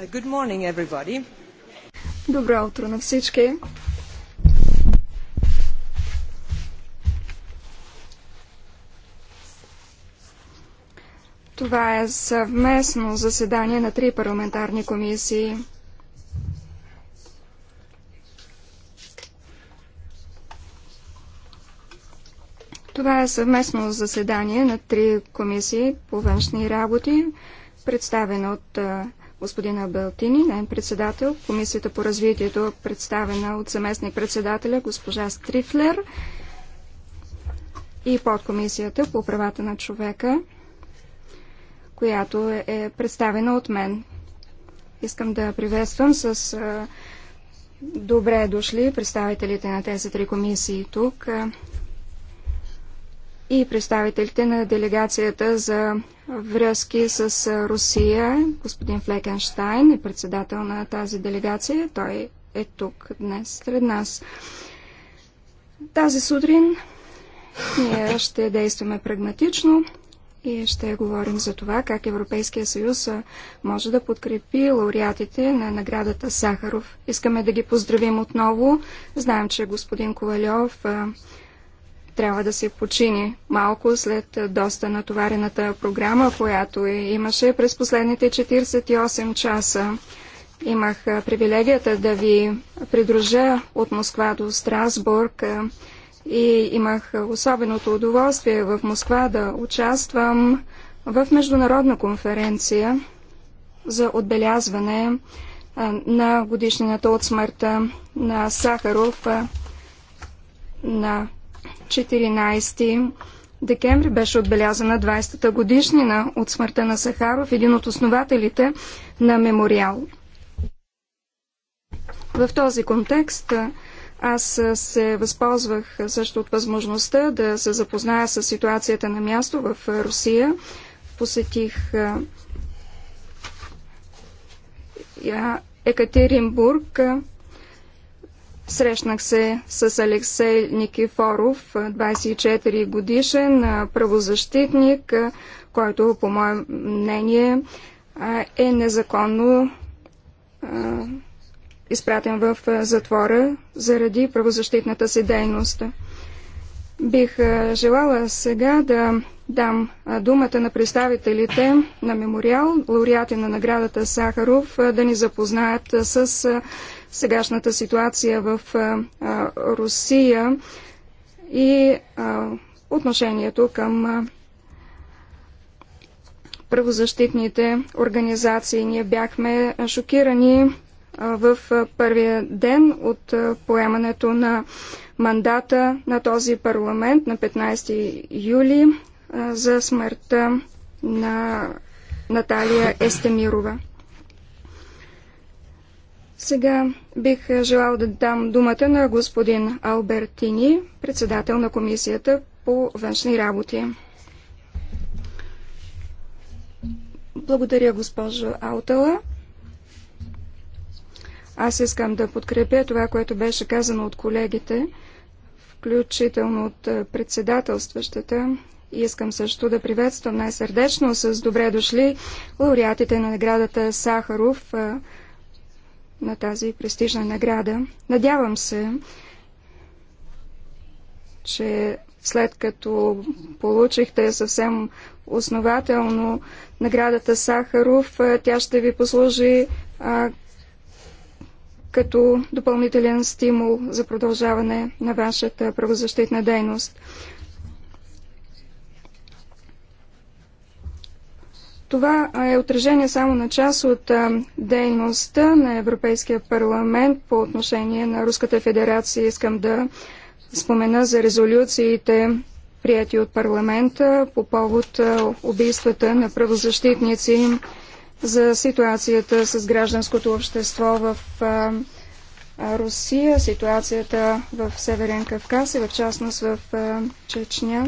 Uh, good morning, everybody. Добро утро на всички. Това е съвместно заседание на три парламентарни комисии. Това е съвместно заседание на три комисии по външни работи, Представено от господина Балтини, най председател, Комисията по развитието, представена от заместник председателя госпожа Стрифлер и подкомисията по правата на човека, която е представена от мен. Искам да приветствам с добре дошли представителите на тези три комисии тук и представителите на делегацията за връзки с Русия, господин Флекенштайн е председател на тази делегация. Той е тук днес сред нас. Тази сутрин ние ще действаме прагматично и ще говорим за това как Европейския съюз може да подкрепи лауреатите на наградата Сахаров. Искаме да ги поздравим отново. Знаем, че господин Ковалев трябва да се почини малко след доста натоварената програма, която имаше през последните 48 часа. Имах привилегията да ви придружа от Москва до Страсбург и имах особеното удоволствие в Москва да участвам в международна конференция за отбелязване на годишнината от смъртта на Сахаров на 14 декември беше отбелязана 20-та годишнина от смъртта на Сахаров, един от основателите на мемориал. В този контекст аз се възползвах също от възможността да се запозная с ситуацията на място в Русия. Посетих Екатеринбург, Срещнах се с Алексей Никифоров, 24 годишен правозащитник, който, по мое мнение, е незаконно изпратен в затвора заради правозащитната си дейност. Бих желала сега да дам думата на представителите на мемориал, лауреати на наградата Сахаров, да ни запознаят с сегашната ситуация в Русия и отношението към правозащитните организации. Ние бяхме шокирани в първия ден от поемането на мандата на този парламент на 15 юли за смъртта на Наталия Естемирова. Сега бих е, желал да дам думата на господин Албертини, председател на Комисията по външни работи. Благодаря, госпожо Аутала. Аз искам да подкрепя това, което беше казано от колегите, включително от е, председателстващата. И искам също да приветствам най-сърдечно с добре дошли лауреатите на наградата Сахаров е, – на тази престижна награда. Надявам се, че след като получихте съвсем основателно наградата Сахаров, тя ще ви послужи а, като допълнителен стимул за продължаване на вашата правозащитна дейност. Това е отражение само на част от дейността на Европейския парламент по отношение на Руската федерация. Искам да спомена за резолюциите, прияти от парламента по повод убийствата на правозащитници за ситуацията с гражданското общество в Русия, ситуацията в Северен Кавказ и в частност в Чечня.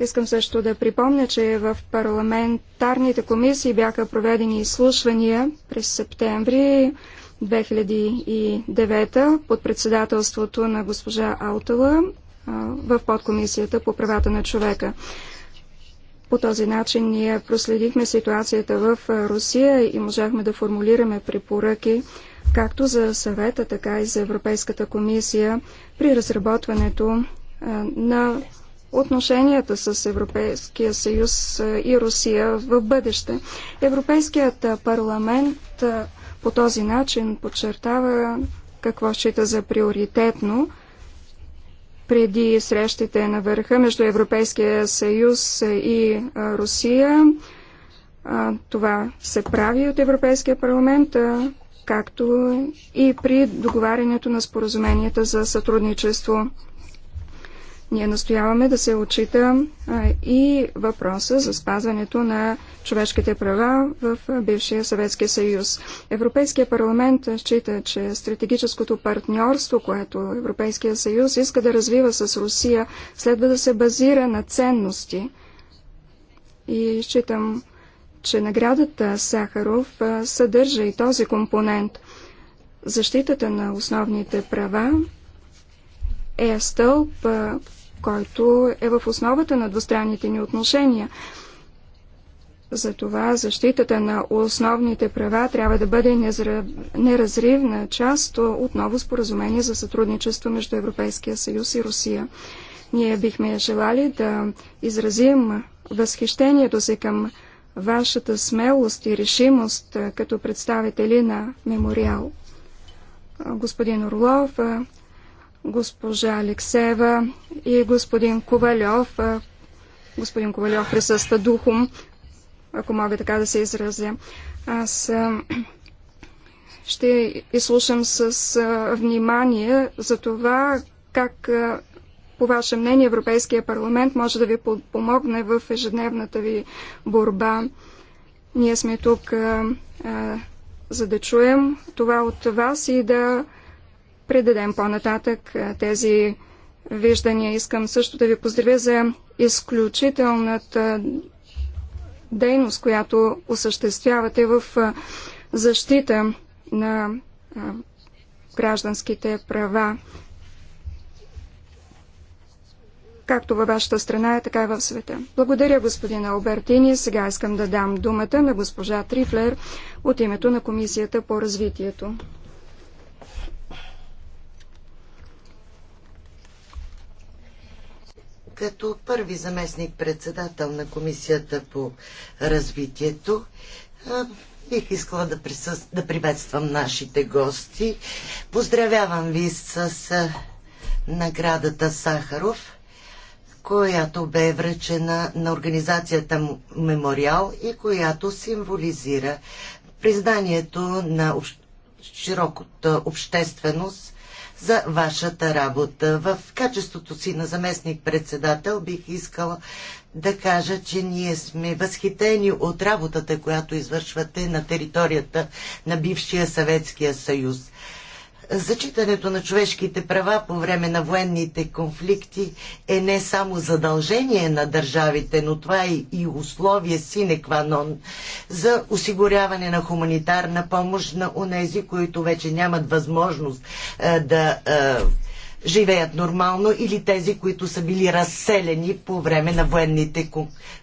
Искам също да припомня, че в парламентарните комисии бяха проведени изслушвания през септември 2009 под председателството на госпожа Алтала в подкомисията по правата на човека. По този начин ние проследихме ситуацията в Русия и можахме да формулираме препоръки както за съвета, така и за Европейската комисия при разработването на отношенията с Европейския съюз е, и Русия в бъдеще. Европейският е, парламент е, по този начин подчертава какво счита за приоритетно преди срещите на върха между Европейския съюз и Русия. Това се прави от Европейския парламент, както и при договарянето на споразуменията за сътрудничество. Ние настояваме да се отчита и въпроса за спазването на човешките права в бившия Съветския съюз. Европейския парламент счита, че стратегическото партньорство, което Европейския съюз иска да развива с Русия, следва да се базира на ценности. И считам, че наградата Сахаров съдържа и този компонент. Защитата на основните права е стълб, който е в основата на двустранните ни отношения. Затова защитата на основните права трябва да бъде неразривна част от ново споразумение за сътрудничество между Европейския съюз и Русия. Ние бихме желали да изразим възхищението си към вашата смелост и решимост като представители на мемориал. Господин Орлов, госпожа Алексеева и господин Ковалев. Господин Ковалев присъства духом, ако мога така да се изразя. Аз ще изслушам с внимание за това как по ваше мнение Европейския парламент може да ви помогне в ежедневната ви борба. Ние сме тук за да чуем това от вас и да предадем по-нататък тези виждания. Искам също да ви поздравя за изключителната дейност, която осъществявате в защита на гражданските права, както във вашата страна, е, така и в света. Благодаря, господин Албертини. Сега искам да дам думата на госпожа Трифлер от името на Комисията по развитието. като първи заместник председател на Комисията по развитието. Бих искала да, присъс... да приветствам нашите гости. Поздравявам ви с наградата Сахаров която бе връчена на организацията Мемориал и която символизира признанието на широкото широката общественост за вашата работа. В качеството си на заместник-председател бих искала да кажа, че ние сме възхитени от работата, която извършвате на територията на бившия Съветския съюз. Зачитането на човешките права по време на военните конфликти е не само задължение на държавите, но това е и условие синекванон за осигуряване на хуманитарна помощ на онези, които вече нямат възможност а, да а, живеят нормално или тези, които са били разселени по време на военните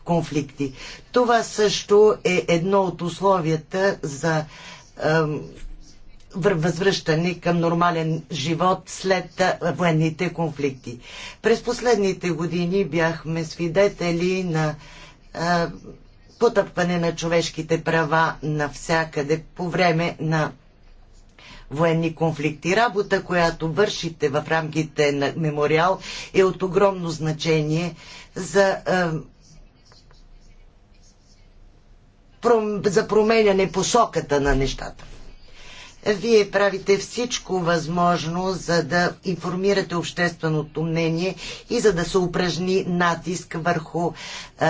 конфликти. Това също е едно от условията за възвръщане към нормален живот след военните конфликти. През последните години бяхме свидетели на а, потъпване на човешките права навсякъде по време на военни конфликти. Работа, която вършите в рамките на мемориал е от огромно значение за а, за променяне посоката на нещата. Вие правите всичко възможно, за да информирате общественото мнение и за да се упражни натиск върху е,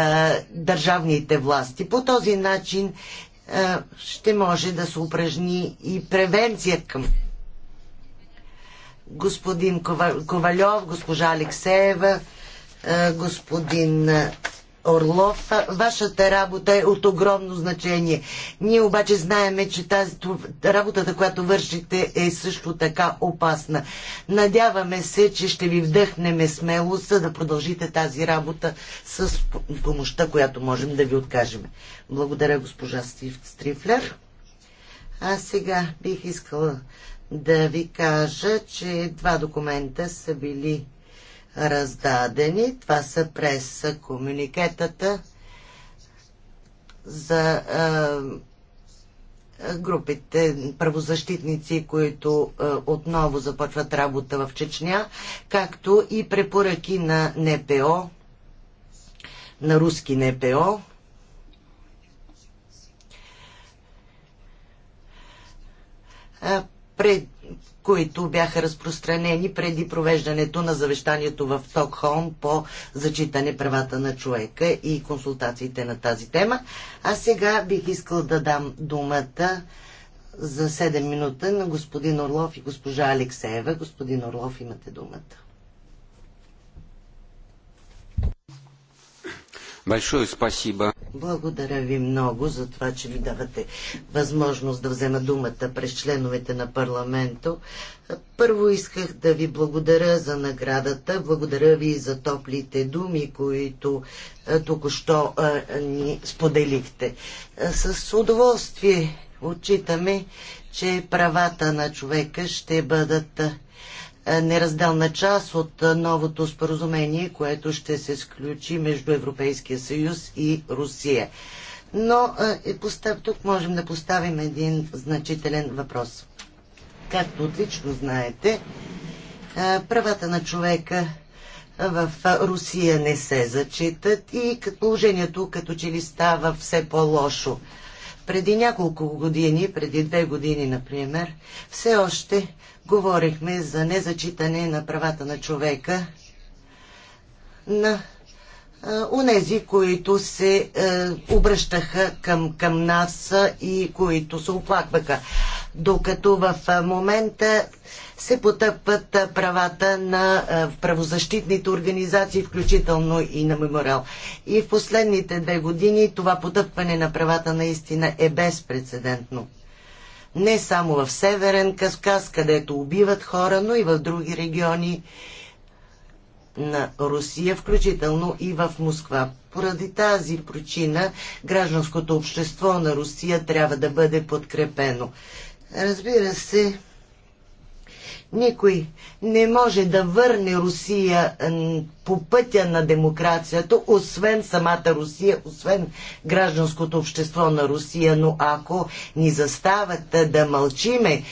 държавните власти. По този начин е, ще може да се упражни и превенция към господин Ковалев, госпожа Алексеева, е, господин. Е, Орлов, вашата работа е от огромно значение. Ние обаче знаеме, че тази, работата, която вършите е също така опасна. Надяваме се, че ще ви вдъхнеме смелост, за да продължите тази работа с помощта, която можем да ви откажем. Благодаря, госпожа Стив Стрифлер. А сега бих искала да ви кажа, че два документа са били раздадени. Това са през комуникетата за а, групите правозащитници, които а, отново започват работа в Чечня, както и препоръки на НПО, на руски НПО. А, пред които бяха разпространени преди провеждането на завещанието в Стокхолм по зачитане правата на човека и консултациите на тази тема. А сега бих искал да дам думата за 7 минута на господин Орлов и госпожа Алексеева. Господин Орлов, имате думата. Большое спасибо. Благодаря ви много за това, че ми давате възможност да взема думата през членовете на парламента. Първо исках да ви благодаря за наградата, благодаря ви за топлите думи, които е, току-що е, ни споделихте. Е, с удоволствие отчитаме, че правата на човека ще бъдат е, неразделна част от е, новото споразумение, което ще се сключи между Европейския съюз и Русия. Но е, е постав, тук можем да поставим един значителен въпрос. Както отлично знаете, правата на човека в Русия не се зачитат и положението като че ли става все по-лошо. Преди няколко години, преди две години, например, все още говорихме за незачитане на правата на човека на унези, които се е, обръщаха към, към нас и които се оплакваха докато в момента се потъпват правата на правозащитните организации, включително и на Мемориал. И в последните две години това потъпване на правата наистина е безпредседентно. Не само в Северен Кавказ, където убиват хора, но и в други региони на Русия, включително и в Москва. Поради тази причина гражданското общество на Русия трябва да бъде подкрепено. Разбира се, никой не може да върне Русия по пътя на демокрацията, освен самата Русия, освен гражданското общество на Русия, но ако ни застават да мълчиме,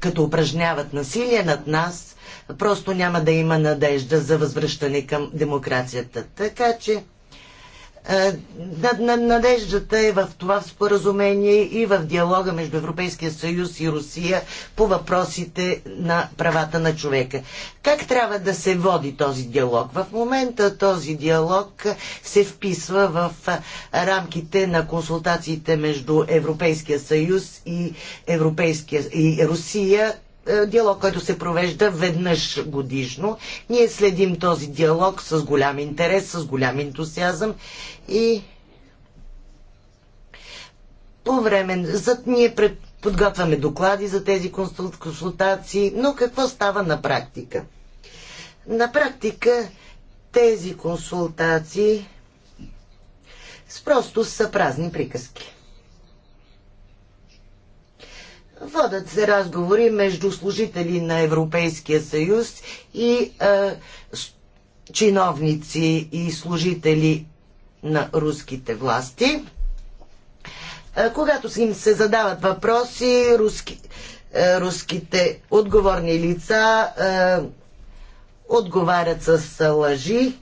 като упражняват насилие над нас, просто няма да има надежда за възвръщане към демокрацията. Така че е, надеждата е в това споразумение и в диалога между Европейския съюз и Русия по въпросите на правата на човека. Как трябва да се води този диалог? В момента този диалог се вписва в е, рамките на консултациите между Европейския съюз и, Европейския, и Русия е, диалог, който се провежда веднъж годишно. Ние следим този диалог с голям интерес, с голям ентусиазъм и по време, зад ние пред, подготвяме доклади за тези консултации, но какво става на практика? На практика тези консултации просто са празни приказки. Водят се разговори между служители на Европейския съюз и а, чиновници и служители на руските власти. А, когато им се задават въпроси, руски, а, руските отговорни лица а, отговарят с лъжи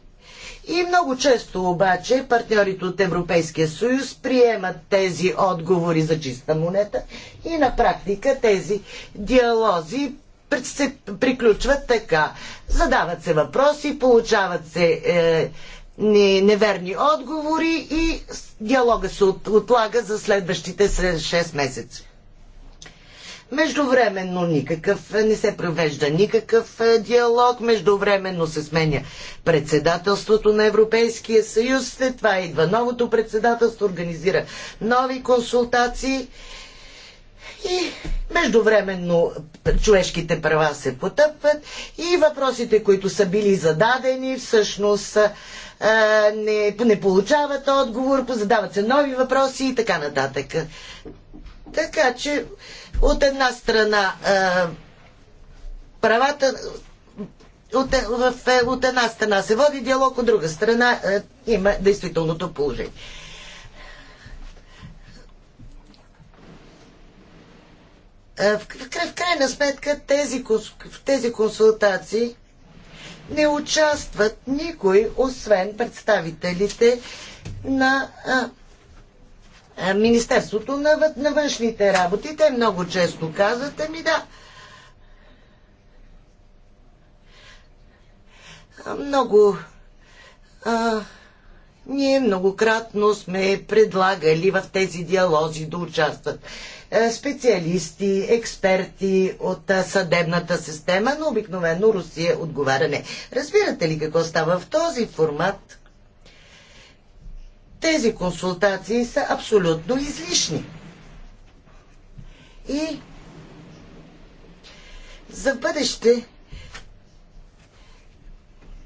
и много често обаче партньорите от Европейския съюз приемат тези отговори за чиста монета и на практика тези диалози се приключват така. Задават се въпроси, получават се е, неверни отговори и диалога се отлага за следващите 6 месеца. Междувременно никакъв, не се провежда никакъв е, диалог, междувременно се сменя председателството на Европейския съюз, след това идва новото председателство, организира нови консултации и междувременно човешките права се потъпват и въпросите, които са били зададени, всъщност е, не, не получават отговор, позадават се нови въпроси и така нататък. Така че от една страна правата от, е, в, е, от една страна се води диалог, от друга страна а, е, има действителното положение. В, в, в крайна сметка тези, в тези консултации не участват никой, освен представителите на а, Министерството на, на външните работи. Те много често казват, ми да, много а, ние многократно сме предлагали в тези диалози да участват специалисти, експерти от съдебната система, но обикновено Русия отговаря не. Разбирате ли какво става в този формат? Тези консултации са абсолютно излишни. И за бъдеще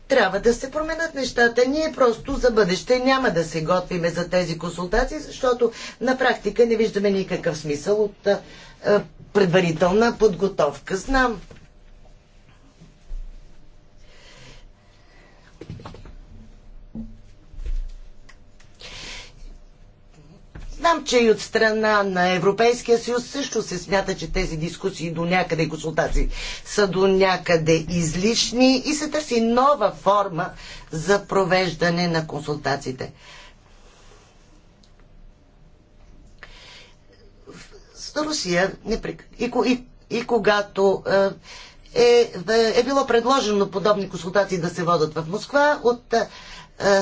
трябва да се променят нещата. Ние просто за бъдеще няма да се готвиме за тези консултации, защото на практика не виждаме никакъв смисъл от предварителна подготовка. Знам, Знам, че и от страна на Европейския съюз също се смята, че тези дискусии до някъде и консултации са до някъде излишни и се търси нова форма за провеждане на консултациите. В Русия непрек... и, и, и когато е, е, е било предложено подобни консултации да се водят в Москва от е,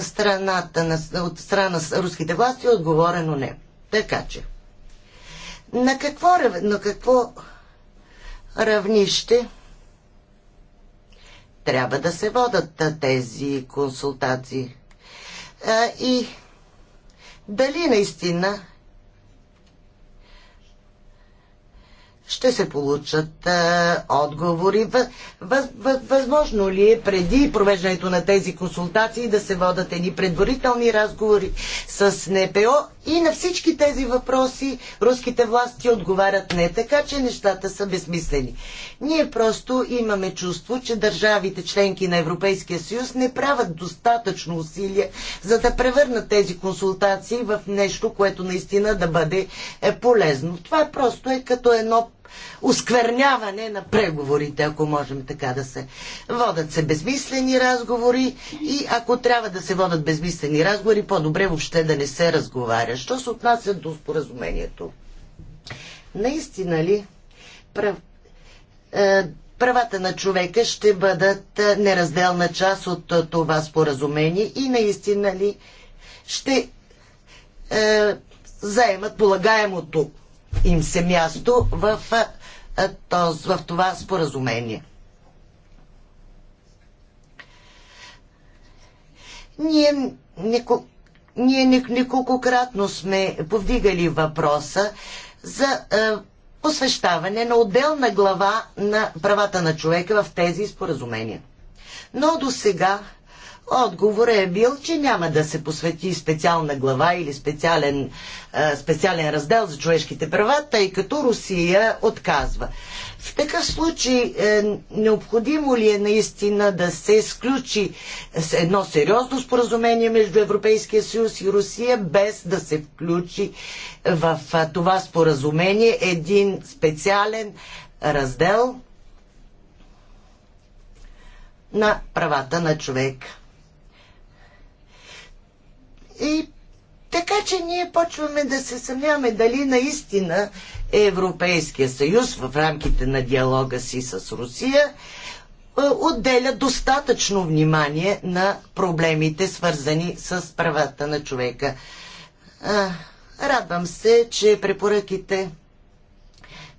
страната на, от страна на руските власти е отговорено не. Така че, на какво, на какво равнище трябва да се водат тези консултации? А, и дали наистина ще се получат а, отговори. Въз, въз, възможно ли е преди провеждането на тези консултации да се водат едни предварителни разговори с НПО и на всички тези въпроси руските власти отговарят не, така че нещата са безмислени. Ние просто имаме чувство, че държавите членки на Европейския съюз не правят достатъчно усилия, за да превърнат тези консултации в нещо, което наистина да бъде е полезно. Това просто е като едно оскверняване на преговорите, ако можем така да се. Водат се безмислени разговори и ако трябва да се водат безмислени разговори, по-добре въобще да не се разговаря. Що се отнася до споразумението? Наистина ли прав... Е, правата на човека ще бъдат неразделна част от това споразумение и наистина ли ще е, заемат полагаемото им се място в, в това споразумение. Ние, неко, ние неколкократно сме повдигали въпроса за а, посвещаване на отделна глава на правата на човека в тези споразумения. Но до сега Отговорът е бил, че няма да се посвети специална глава или специален, специален раздел за човешките права, тъй като Русия отказва. В такъв случай е, необходимо ли е наистина да се изключи едно сериозно споразумение между Европейския съюз и Русия, без да се включи в това споразумение един специален раздел на правата на човека? И така, че ние почваме да се съмняваме дали наистина е Европейския съюз в рамките на диалога си с Русия е, отделя достатъчно внимание на проблемите, свързани с правата на човека. Радвам се, че препоръките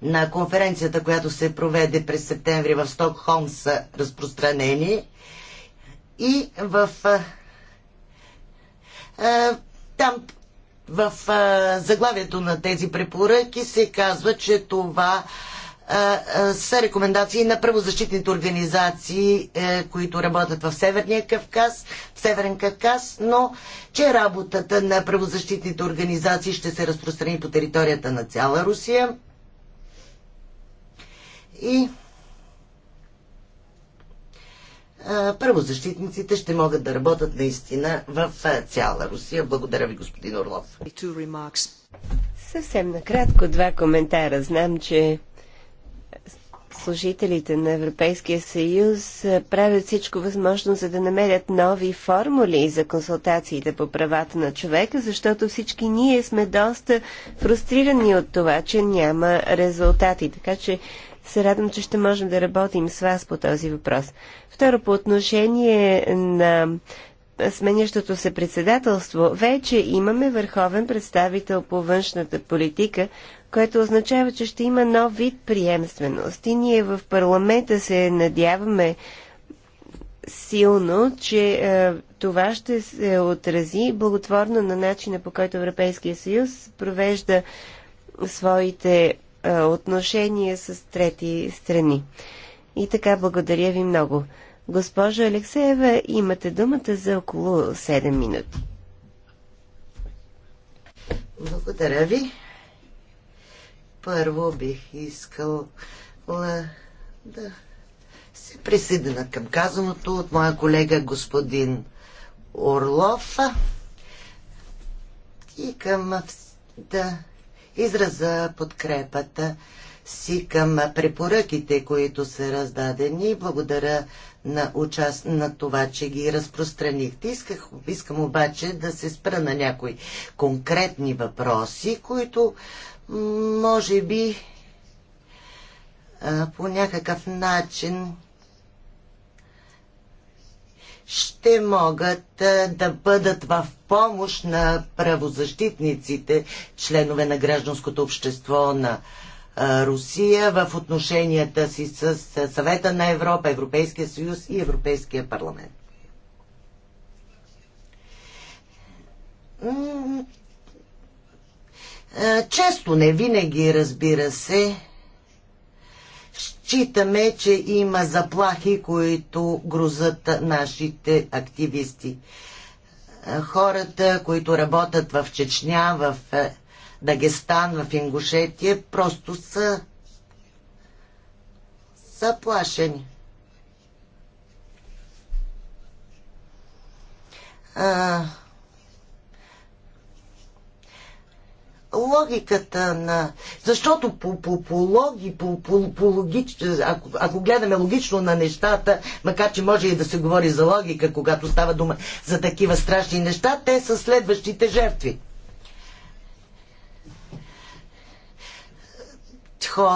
на конференцията, която се проведе през септември в Стокхолм са разпространени и в е, там в е, заглавието на тези препоръки се казва, че това е, са рекомендации на правозащитните организации, които работят в Северния Кавказ, в Северен Кавказ, но че работата на правозащитните организации ще се разпространи по територията на цяла Русия. И правозащитниците ще могат да работят наистина в цяла Русия. Благодаря ви, господин Орлов. Съвсем накратко два коментара. Знам, че служителите на Европейския съюз правят всичко възможно, за да намерят нови формули за консултациите по правата на човека, защото всички ние сме доста фрустрирани от това, че няма резултати. Така че се радвам, че ще можем да работим с вас по този въпрос. Второ, по отношение на сменящото се председателство, вече имаме върховен представител по външната политика, което означава, че ще има нов вид приемственост. И ние в парламента се надяваме силно, че е, това ще се отрази благотворно на начина по който Европейския съюз провежда своите отношения с трети страни. И така, благодаря ви много. Госпожо Алексеева, имате думата за около 7 минути. Благодаря ви. Първо бих искал да се присъединя към казаното от моя колега господин Орлов и към да израза подкрепата си към препоръките, които са раздадени. Благодаря на, участ... на това, че ги разпространихте. Исках, искам обаче да се спра на някои конкретни въпроси, които може би по някакъв начин ще могат да бъдат в помощ на правозащитниците, членове на гражданското общество на Русия в отношенията си с Съвета на Европа, Европейския съюз и Европейския парламент. Често не винаги, разбира се, Читаме, че има заплахи, които грузат нашите активисти. Хората, които работят в Чечня, в е, Дагестан, в Ингушетия, просто са заплашени. А, логиката на... Защото по, по, по логи, по, по, по логич... ако, ако гледаме логично на нещата, макар че може и да се говори за логика, когато става дума за такива страшни неща, те са следващите жертви. Хо,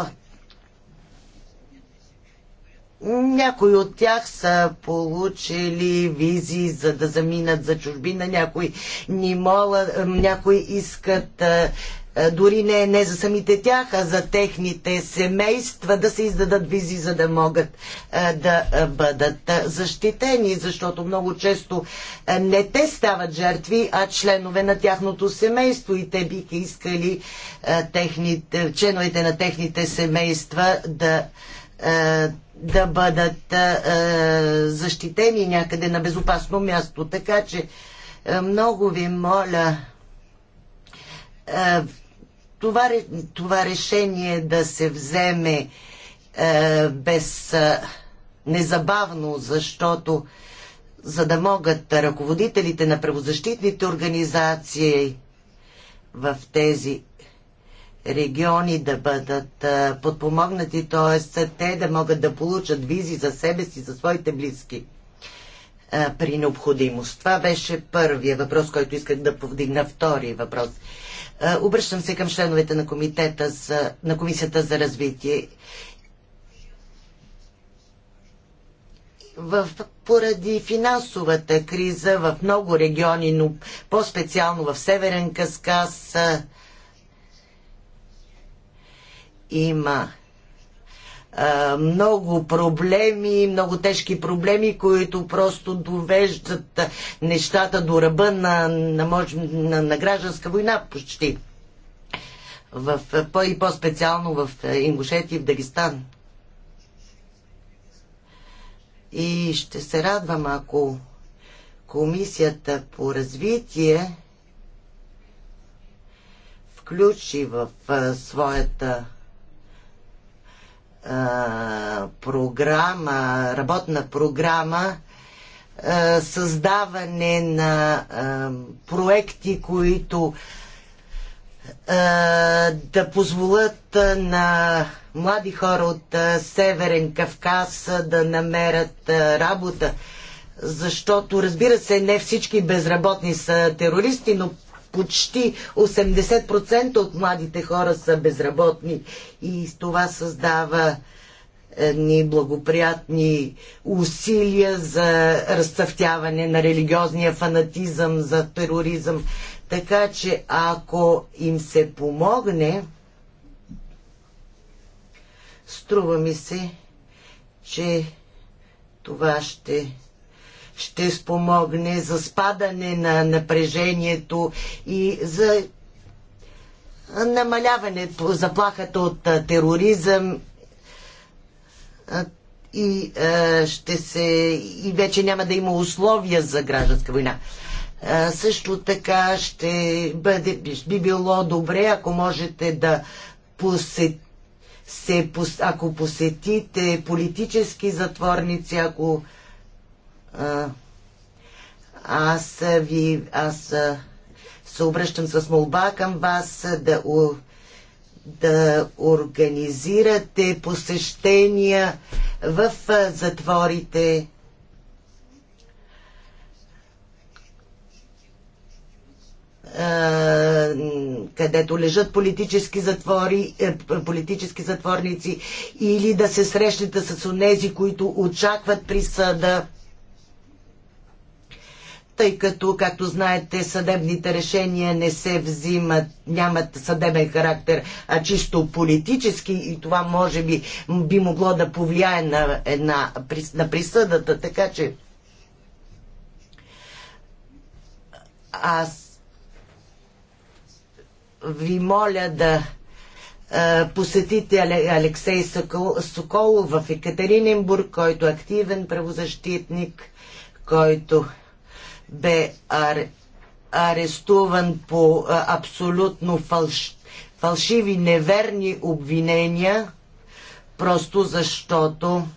някои от тях са получили визи за да заминат за чужбина, някои ни мола, някои искат дори не, не за самите тях, а за техните семейства да се издадат визи, за да могат да бъдат защитени, защото много често не те стават жертви, а членове на тяхното семейство и те биха искали техните, членовете на техните семейства да да бъдат е, защитени някъде на безопасно място. Така че е, много ви моля е, това, това решение да се вземе е, без е, незабавно, защото за да могат ръководителите на правозащитните организации в тези региони да бъдат подпомогнати, т.е. те да могат да получат визи за себе си, за своите близки при необходимост. Това беше първия въпрос, който исках да повдигна. Втори въпрос. Обръщам се към членовете на, комитета за, на Комисията за развитие. В, поради финансовата криза в много региони, но по-специално в Северен Касказ, има много проблеми, много тежки проблеми, които просто довеждат нещата до ръба на, на, мож, на, на гражданска война почти. В, по- и по-специално в Ингушетия и в Дагестан. И ще се радвам, ако Комисията по развитие включи в своята програма, работна програма, създаване на проекти, които да позволят на млади хора от Северен Кавказ да намерят работа. Защото, разбира се, не всички безработни са терористи, но почти 80% от младите хора са безработни и това създава е, ни благоприятни усилия за разцъфтяване на религиозния фанатизъм, за тероризъм. Така че ако им се помогне, струва ми се, че това ще ще спомогне за спадане на напрежението и за намаляване заплахата от тероризъм и ще се и вече няма да има условия за гражданска война. Също така ще бъде, би било добре, ако можете да посетите се, ако посетите политически затворници, ако аз ви, аз се обръщам с молба към вас да, да организирате посещения в затворите. където лежат политически, затвори, е, политически затворници или да се срещнете с онези, които очакват присъда тъй като, както знаете, съдебните решения не се взимат, нямат съдебен характер, а чисто политически и това може би би могло да повлияе на, една, на присъдата, така че аз ви моля да посетите Алексей Соколов в Екатеринбург, който е активен правозащитник, който бе арестуван по абсолютно фалш, фалшиви, неверни обвинения, просто защото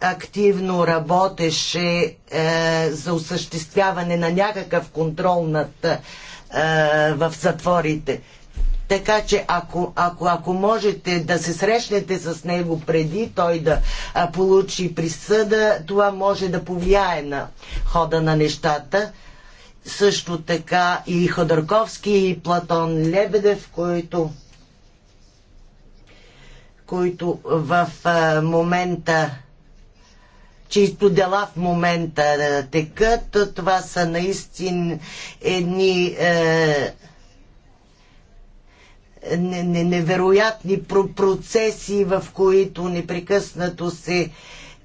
активно работеше е, за осъществяване на някакъв контрол над, е, в затворите. Така че ако, ако, ако можете да се срещнете с него преди той да а, получи присъда, това може да повлияе на хода на нещата. Също така и Ходорковски, и Платон Лебедев, които които в а, момента чието дела в момента текат. Това са наистина едни е, невероятни процеси, в които непрекъснато се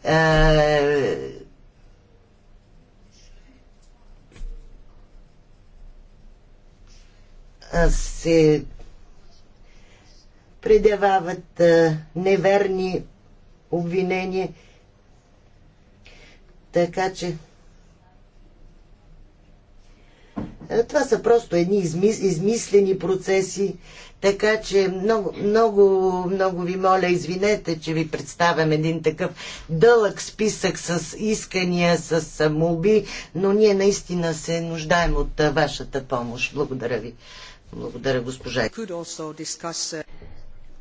е, се предявават е, неверни обвинения. Така че. Е, това са просто едни измислени процеси, така че много, много, много ви моля, извинете, че ви представям един такъв дълъг списък с искания, с молби, но ние наистина се нуждаем от вашата помощ. Благодаря ви. Благодаря, госпожа.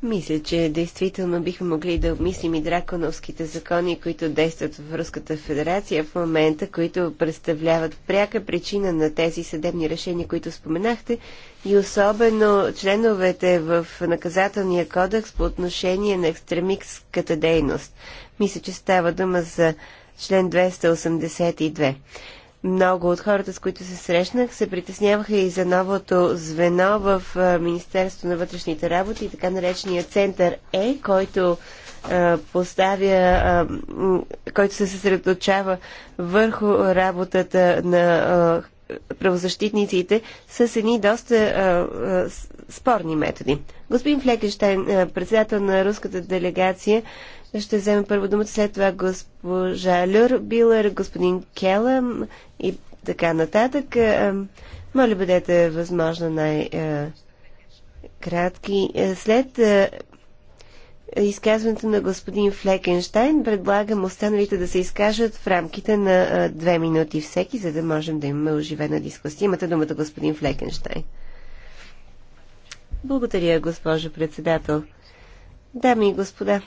Мисля, че действително бихме могли да обмислим и драконовските закони, които действат в Руската федерация в момента, които представляват пряка причина на тези съдебни решения, които споменахте, и особено членовете в наказателния кодекс по отношение на екстремистската дейност. Мисля, че става дума за член 282. Много от хората, с които се срещнах, се притесняваха и за новото звено в Министерството на вътрешните работи, така наречения център Е, който поставя, който се съсредоточава върху работата на правозащитниците с едни доста спорни методи. Господин Флекенштайн, председател на руската делегация, ще вземе първо думата, след това госпожа Люр, Билър, господин Келъм и така нататък. Е, моля, бъдете възможно най-кратки. Е, след е, изказването на господин Флекенштайн, предлагам останалите да се изкажат в рамките на две минути всеки, за да можем да имаме оживена дискусия. Имате думата, господин Флекенштайн. Благодаря, госпожо председател. Дами и господа,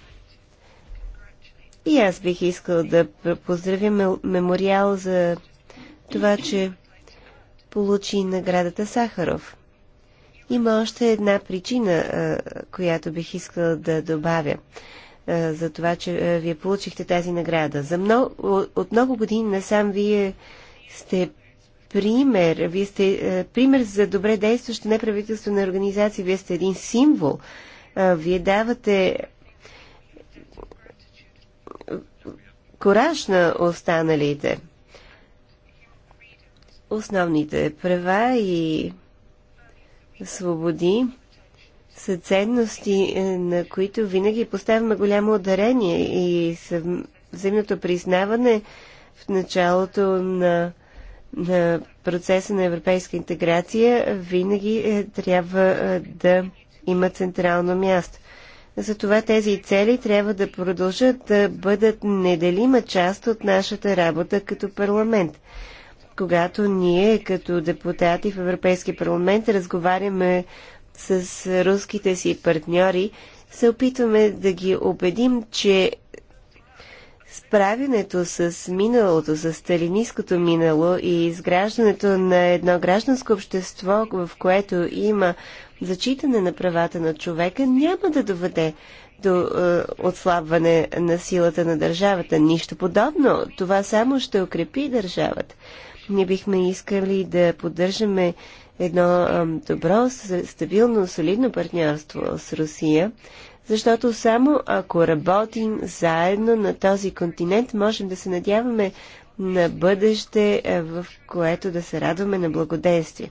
и аз бих искал да поздравя Мемориал за това, че получи наградата Сахаров. Има още една причина, която бих искала да добавя за това, че вие получихте тази награда. За много, от много години насам вие сте пример. Вие сте пример за добре действаща неправителствена организация. Вие сте един символ. Вие давате кораж на останалите. Основните права и свободи са ценности, е, на които винаги поставяме голямо ударение и взаимното признаване в началото на, на процеса на европейска интеграция винаги е, трябва е, да има централно място. Затова тези цели трябва да продължат да бъдат неделима част от нашата работа като парламент. Когато ние, като депутати в Европейския парламент, разговаряме с руските си партньори, се опитваме да ги убедим, че справянето с миналото, с сталинистското минало и изграждането на едно гражданско общество, в което има зачитане на правата на човека, няма да доведе до е, отслабване на силата на държавата. Нищо подобно. Това само ще укрепи държавата. Ние бихме искали да поддържаме едно е, добро, стабилно, солидно партньорство с Русия защото само ако работим заедно на този континент, можем да се надяваме на бъдеще, е, в което да се радваме на благодействие.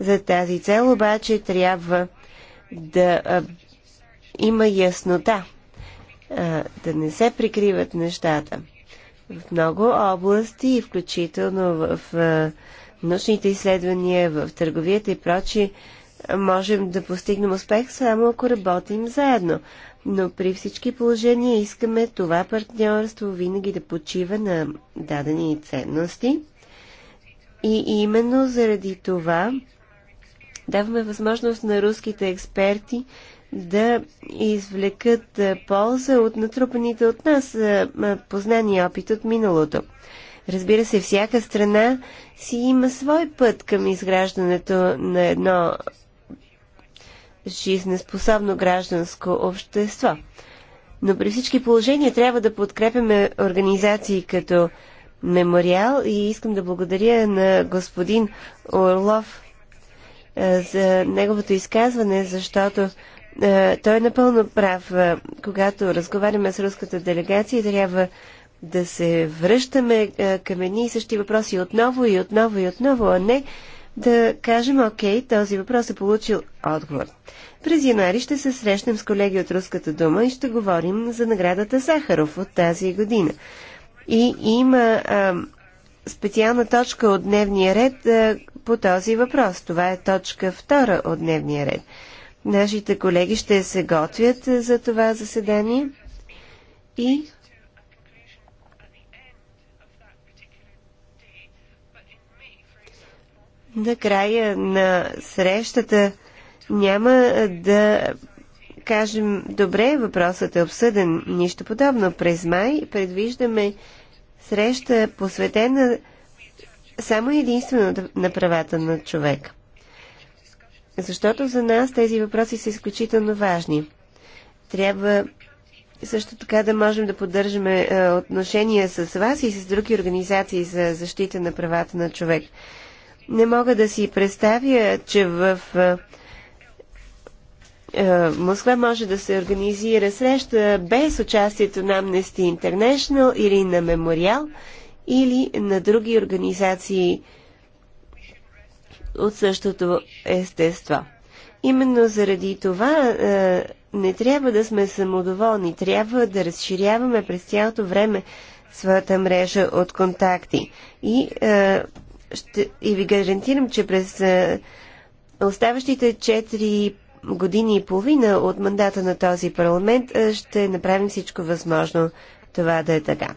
За тази цел обаче трябва да а, има яснота, а, да не се прикриват нещата. В много области, включително в а, научните изследвания, в търговията и прочие, можем да постигнем успех само ако работим заедно. Но при всички положения искаме това партньорство винаги да почива на дадени ценности. И именно заради това даваме възможност на руските експерти да извлекат полза от натрупаните от нас познания опит от миналото. Разбира се, всяка страна си има свой път към изграждането на едно жизнеспособно гражданско общество. Но при всички положения трябва да подкрепяме организации като мемориал и искам да благодаря на господин Орлов е, за неговото изказване, защото е, той е напълно прав. Е, когато разговаряме с руската делегация, трябва да се връщаме към едни и същи въпроси отново и отново и отново, а не да кажем, окей, този въпрос е получил отговор. През януари ще се срещнем с колеги от Руската дума и ще говорим за наградата Сахаров от тази година. И има а, специална точка от дневния ред а, по този въпрос. Това е точка втора от дневния ред. Нашите колеги ще се готвят за това заседание и накрая на срещата няма да кажем, добре, въпросът е обсъден, нищо подобно. През май предвиждаме среща посветена само единствено на правата на човек. Защото за нас тези въпроси са изключително важни. Трябва също така да можем да поддържаме е, отношения с вас и с други организации за защита на правата на човек. Не мога да си представя, че в Москва може да се организира среща без участието на Amnesty International или на Мемориал или на други организации от същото естество. Именно заради това а, не трябва да сме самодоволни, трябва да разширяваме през цялото време своята мрежа от контакти. И ще, и ви гарантирам, че през оставащите 4 години и половина от мандата на този парламент ще направим всичко възможно това да е така.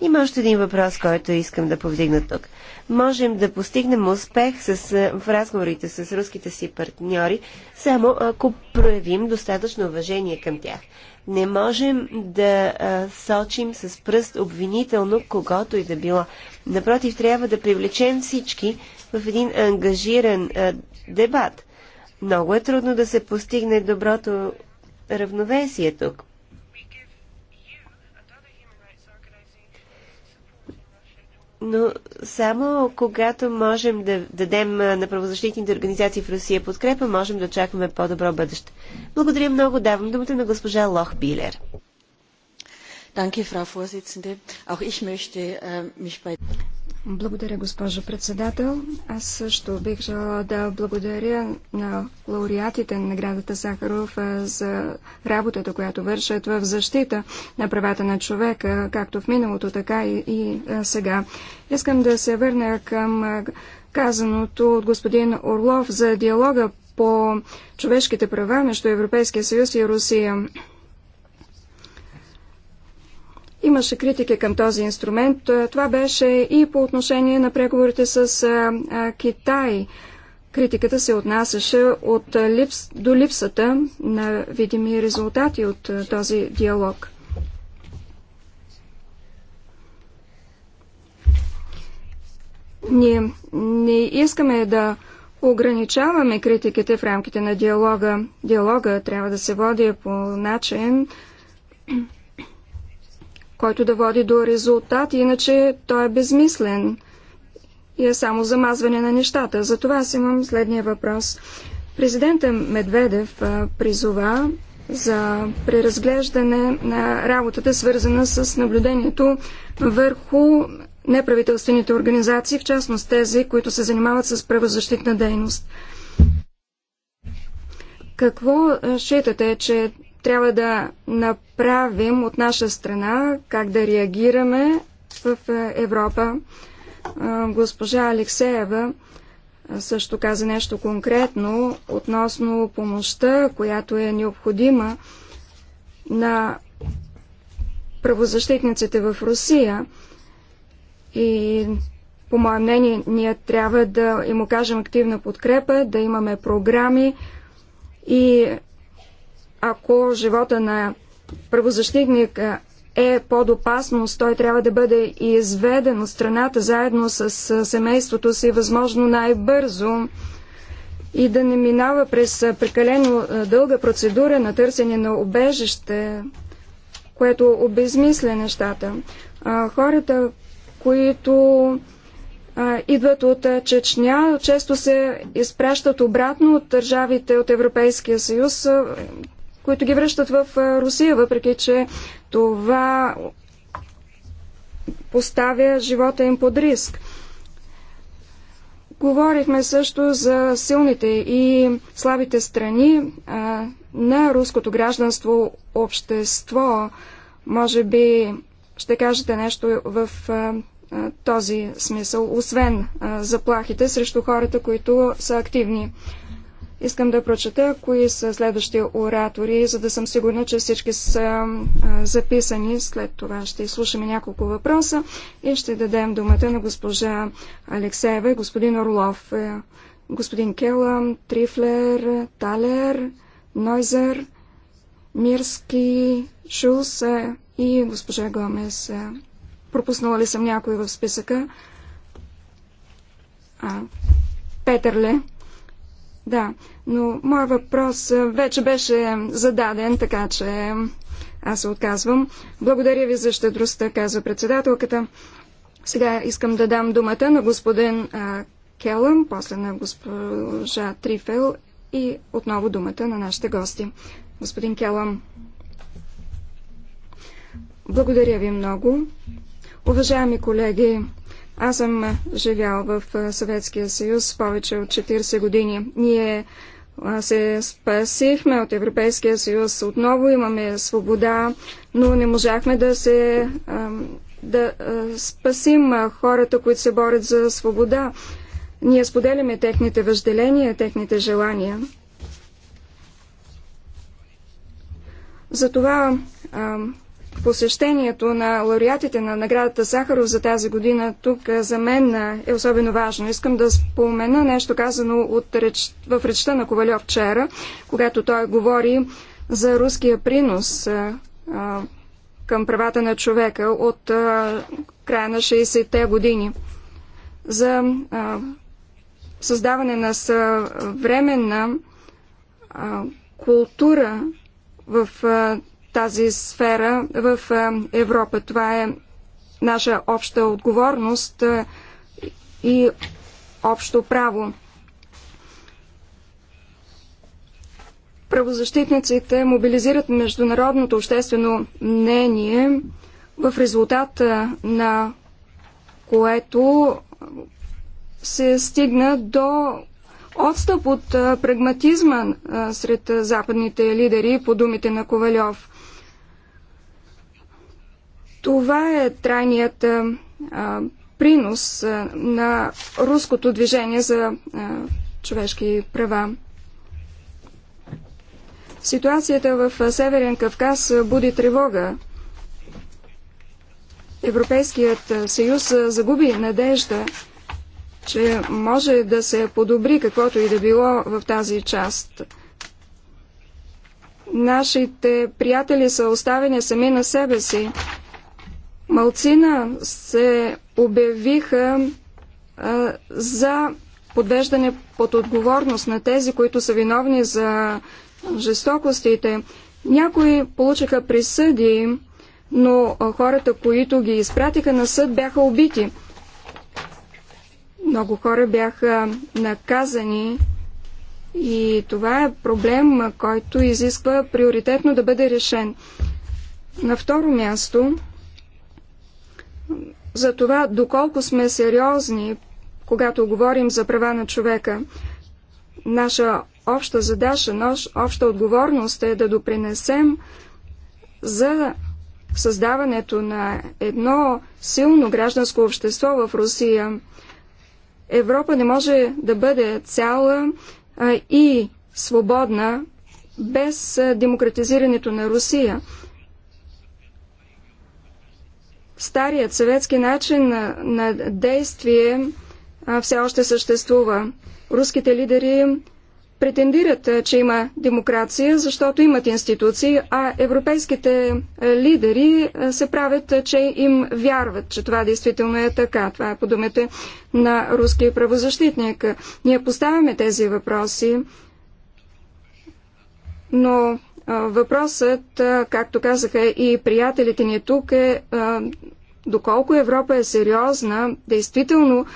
Има още един въпрос, който искам да повдигна тук. Можем да постигнем успех с, в разговорите с руските си партньори, само ако проявим достатъчно уважение към тях. Не можем да а, сочим с пръст обвинително когото и да било. Напротив, трябва да привлечем всички в един ангажиран а, дебат. Много е трудно да се постигне доброто равновесие тук. но само когато можем да дадем на правозащитните организации в Русия подкрепа, можем да очакваме по-добро бъдеще. Благодаря много. Давам думата на госпожа Лох Билер. ich möchte äh, mich bei благодаря, госпожо председател. Аз също бих желала да благодаря на лауреатите на наградата Сахаров за работата, която вършат в защита на правата на човека, както в миналото, така и, и сега. Искам да се върна към казаното от господин Орлов за диалога по човешките права между Европейския съюз и Русия. Имаше критики към този инструмент. Е, това беше и по отношение на преговорите с е, е, Китай. Критиката се отнасяше от липс, до липсата на видими резултати от този диалог. Ние не искаме да ограничаваме критиките в рамките на диалога. Диалога трябва да се води по начин, който да води до резултат, иначе той е безмислен и е само замазване на нещата. За това аз имам следния въпрос. Президента Медведев призова за преразглеждане на работата, свързана с наблюдението върху неправителствените организации, в частност тези, които се занимават с правозащитна дейност. Какво считате, че трябва да направим от наша страна, как да реагираме в е, Европа. Госпожа Алексеева също каза нещо конкретно относно помощта, която е необходима на правозащитниците в Русия. И по мое мнение, ние трябва да им окажем активна подкрепа, да имаме програми и ако живота на правозащитника е под опасност, той трябва да бъде изведен от страната заедно с семейството си, възможно най-бързо и да не минава през прекалено дълга процедура на търсене на обежище, което обезмисля нещата. Хората, които идват от Чечня, често се изпращат обратно от държавите от Европейския съюз, които ги връщат в Русия, въпреки че това поставя живота им под риск. Говорихме също за силните и слабите страни а, на руското гражданство общество. Може би ще кажете нещо в а, този смисъл, освен а, заплахите срещу хората, които са активни. Искам да прочета кои са следващите оратори, за да съм сигурна, че всички са записани. След това ще изслушаме няколко въпроса и ще дадем думата на госпожа Алексеева и господин Орлов, е, господин Келам, Трифлер, Талер, Нойзер, Мирски, Шулс е, и госпожа Гомес. Е, пропуснала ли съм някой в списъка? А, Петърле. Да, но моят въпрос вече беше зададен, така че аз се отказвам. Благодаря ви за щедростта, казва председателката. Сега искам да дам думата на господин а, Келъм, после на госпожа Трифел и отново думата на нашите гости. Господин Келъм. Благодаря ви много. Уважаеми колеги, аз съм живял в Съветския съюз повече от 40 години. Ние се спасихме от Европейския съюз. Отново имаме свобода, но не можахме да се да спасим хората, които се борят за свобода. Ние споделяме техните въжделения, техните желания. Затова посещението на лауреатите на наградата Сахаров за тази година тук е, за мен е, е особено важно. Искам да спомена нещо казано от реч... в речта на Ковалев вчера, когато той говори за руския принос а, е, а, към правата на човека от а, края на 60-те години за а, създаване на съвременна а, култура в а, тази сфера в е, Европа. Това е наша обща отговорност е, и общо право. Правозащитниците мобилизират международното обществено мнение, в резултат е, на което се стигна до отстъп от прагматизма сред западните лидери, по думите на Ковалев. Това е трайният а, принос а, на руското движение за а, човешки права. Ситуацията в Северен Кавказ буди тревога. Европейският съюз загуби надежда, че може да се подобри каквото и да било в тази част. Нашите приятели са оставени сами на себе си. Малцина се обявиха а, за подвеждане под отговорност на тези, които са виновни за жестокостите. Някои получиха присъди, но хората, които ги изпратиха на съд, бяха убити. Много хора бяха наказани и това е проблем, който изисква приоритетно да бъде решен. На второ място, за това доколко сме сериозни, когато говорим за права на човека. Наша обща задача, наша обща отговорност е да допринесем за създаването на едно силно гражданско общество в Русия. Европа не може да бъде цяла и свободна без демократизирането на Русия. Старият съветски начин на, на действие а, все още съществува. Руските лидери претендират, а, че има демокрация, защото имат институции, а европейските а, лидери а, се правят, а, че им вярват, че това действително е така. Това е по думите на руския правозащитник. Ние поставяме тези въпроси, но Въпросът, както казаха и приятелите ни тук, е доколко Европа е сериозна, действително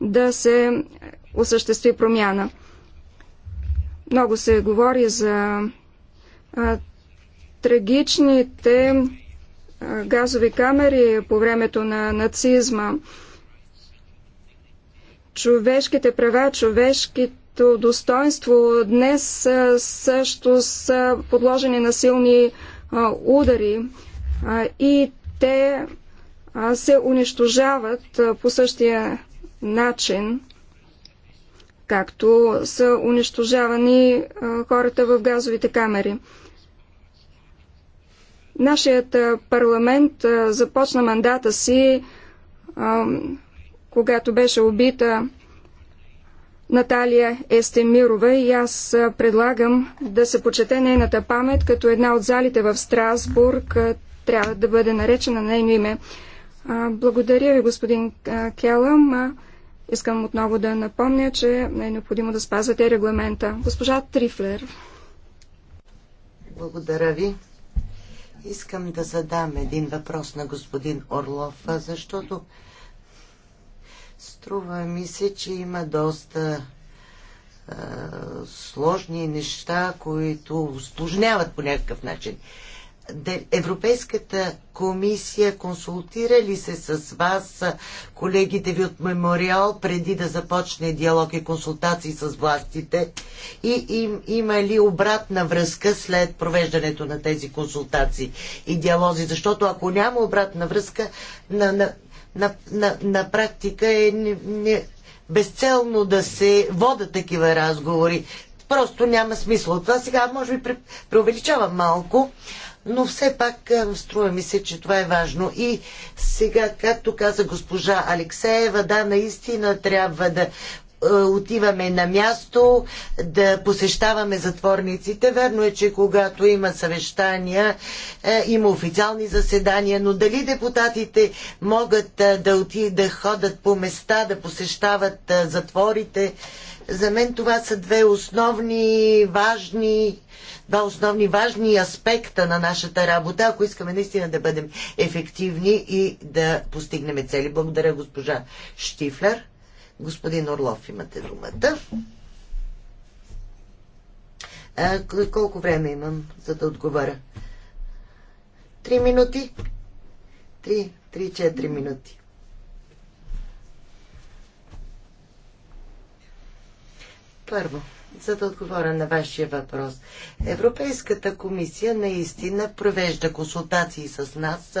да се осъществи промяна. Много се говори за а, трагичните а, газови камери по времето на нацизма. Човешките права, човешките своето достоинство днес също са подложени на силни удари и те се унищожават по същия начин, както са унищожавани хората в газовите камери. Нашият парламент започна мандата си, когато беше убита Наталия Естемирова и аз предлагам да се почете нейната памет, като една от залите в Страсбург трябва да бъде наречена нейно име. Благодаря ви, господин Келъм. Искам отново да напомня, че е необходимо да спазвате регламента. Госпожа Трифлер. Благодаря ви. Искам да задам един въпрос на господин Орлов, защото Струва ми се, че има доста а, сложни неща, които усложняват по някакъв начин. Европейската комисия консултира ли се с вас, колегите ви от Мемориал, преди да започне диалог и консултации с властите? И им, има ли обратна връзка след провеждането на тези консултации и диалози? Защото ако няма обратна връзка, на, на, на, на, на практика е не, не, безцелно да се вода такива разговори. Просто няма смисъл от това. Сега може би преувеличавам малко, но все пак е, струва ми се, че това е важно. И сега, както каза госпожа Алексеева, да, наистина трябва да е, отиваме на място, да посещаваме затворниците. Верно е, че когато има съвещания, е, има официални заседания, но дали депутатите могат е, да, оти, да ходят по места, да посещават затворите, за мен това са две основни важни два основни важни аспекта на нашата работа, ако искаме наистина да бъдем ефективни и да постигнем цели. Благодаря, госпожа Штифлер. Господин Орлов, имате думата. А, колко време имам, за да отговоря? Три минути? Три, три-четири минути. Първо за да отговоря на вашия въпрос. Европейската комисия наистина провежда консултации с нас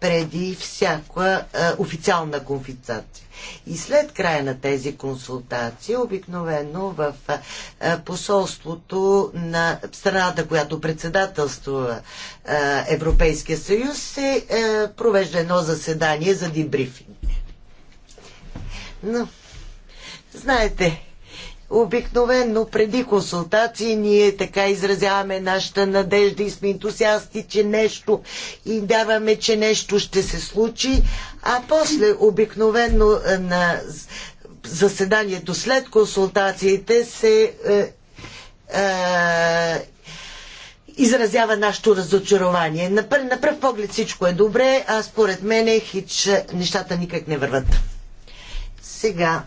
преди всяка е, официална конфицация. И след края на тези консултации, обикновено в е, е, посолството на страната, която председателства е, Европейския съюз, се провежда едно заседание за дебрифинг. Но, знаете, Обикновенно преди консултации ние така изразяваме нашата надежда и сме ентусиасти, че нещо и даваме, че нещо ще се случи, а после обикновенно е, на заседанието след консултациите се е, е, изразява нашето разочарование. На, пър, на пръв поглед всичко е добре, а според мен хич нещата никак не върват. Сега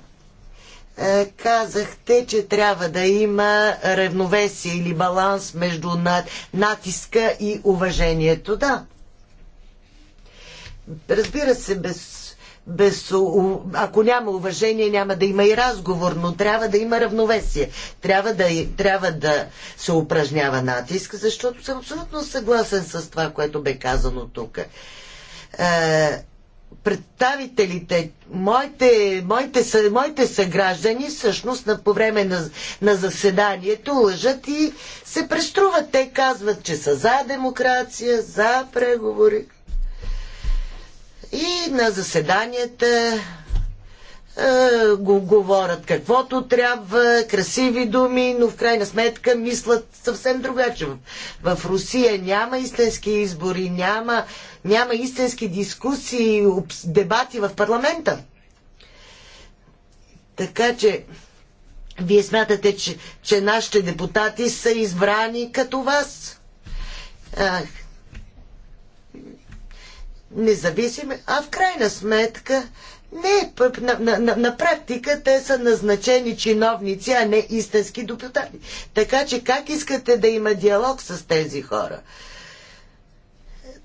е, казахте, че трябва да има равновесие или баланс между натиска и уважението. Да. Разбира се, без, без, ако няма уважение, няма да има и разговор, но трябва да има равновесие. Трябва да, трябва да се упражнява натиск, защото съм абсолютно съгласен с това, което бе казано тук е, представителите, моите, моите, моите съграждани, всъщност на, по време на, на заседанието лъжат и се преструват. Те казват, че са за демокрация, за преговори. И на заседанията е, го говорят каквото трябва, красиви думи, но в крайна сметка мислят съвсем другаче. В, в Русия няма истински избори, няма, няма истински дискусии, дебати в парламента. Така че, вие смятате, че, че нашите депутати са избрани като вас. Независиме, независими, а в крайна сметка не, на, на, на, на практика те са назначени чиновници, а не истински депутати. Така че как искате да има диалог с тези хора?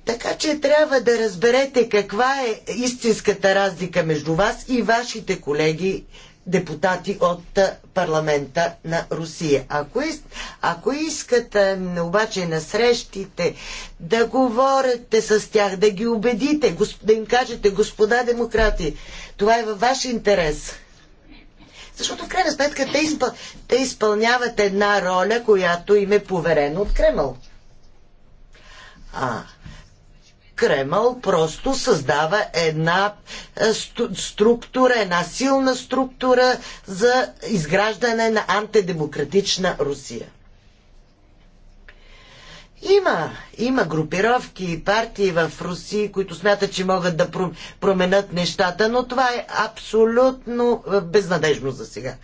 Така че трябва да разберете каква е истинската разлика между вас и вашите колеги депутати от парламента на Русия. Ако, из, ако искате обаче на срещите да говорите с тях, да ги убедите, да им кажете, господа демократи, това е във ваш интерес. Защото в крайна сметка те, изпъл... те изпълняват една роля, която им е поверена от Кремъл. А, Кремъл просто създава една е, структура, една силна структура за изграждане на антидемократична Русия. Има, има групировки и партии в Руси, които смятат, че могат да променят нещата, но това е абсолютно е, безнадежно за сега.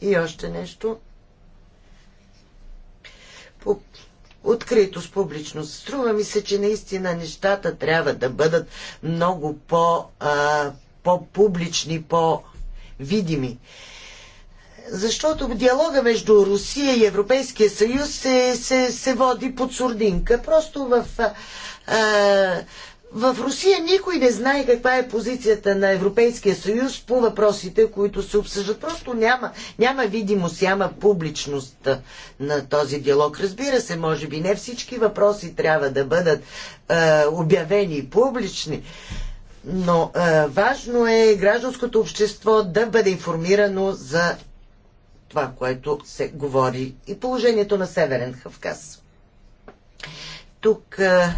И още нещо откритост, публичност. Струва ми се, че наистина нещата трябва да бъдат много по, а, по-публични, по-видими. Защото диалога между Русия и Европейския съюз се, се, се води под сурдинка. Просто в а, в Русия никой не знае каква е позицията на Европейския съюз по въпросите, които се обсъждат. Просто няма, няма видимост, няма публичност на този диалог. Разбира се, може би не всички въпроси трябва да бъдат е, обявени публични, но е, важно е гражданското общество да бъде информирано за това, което се говори и положението на Северен Хавказ. Тук. Е,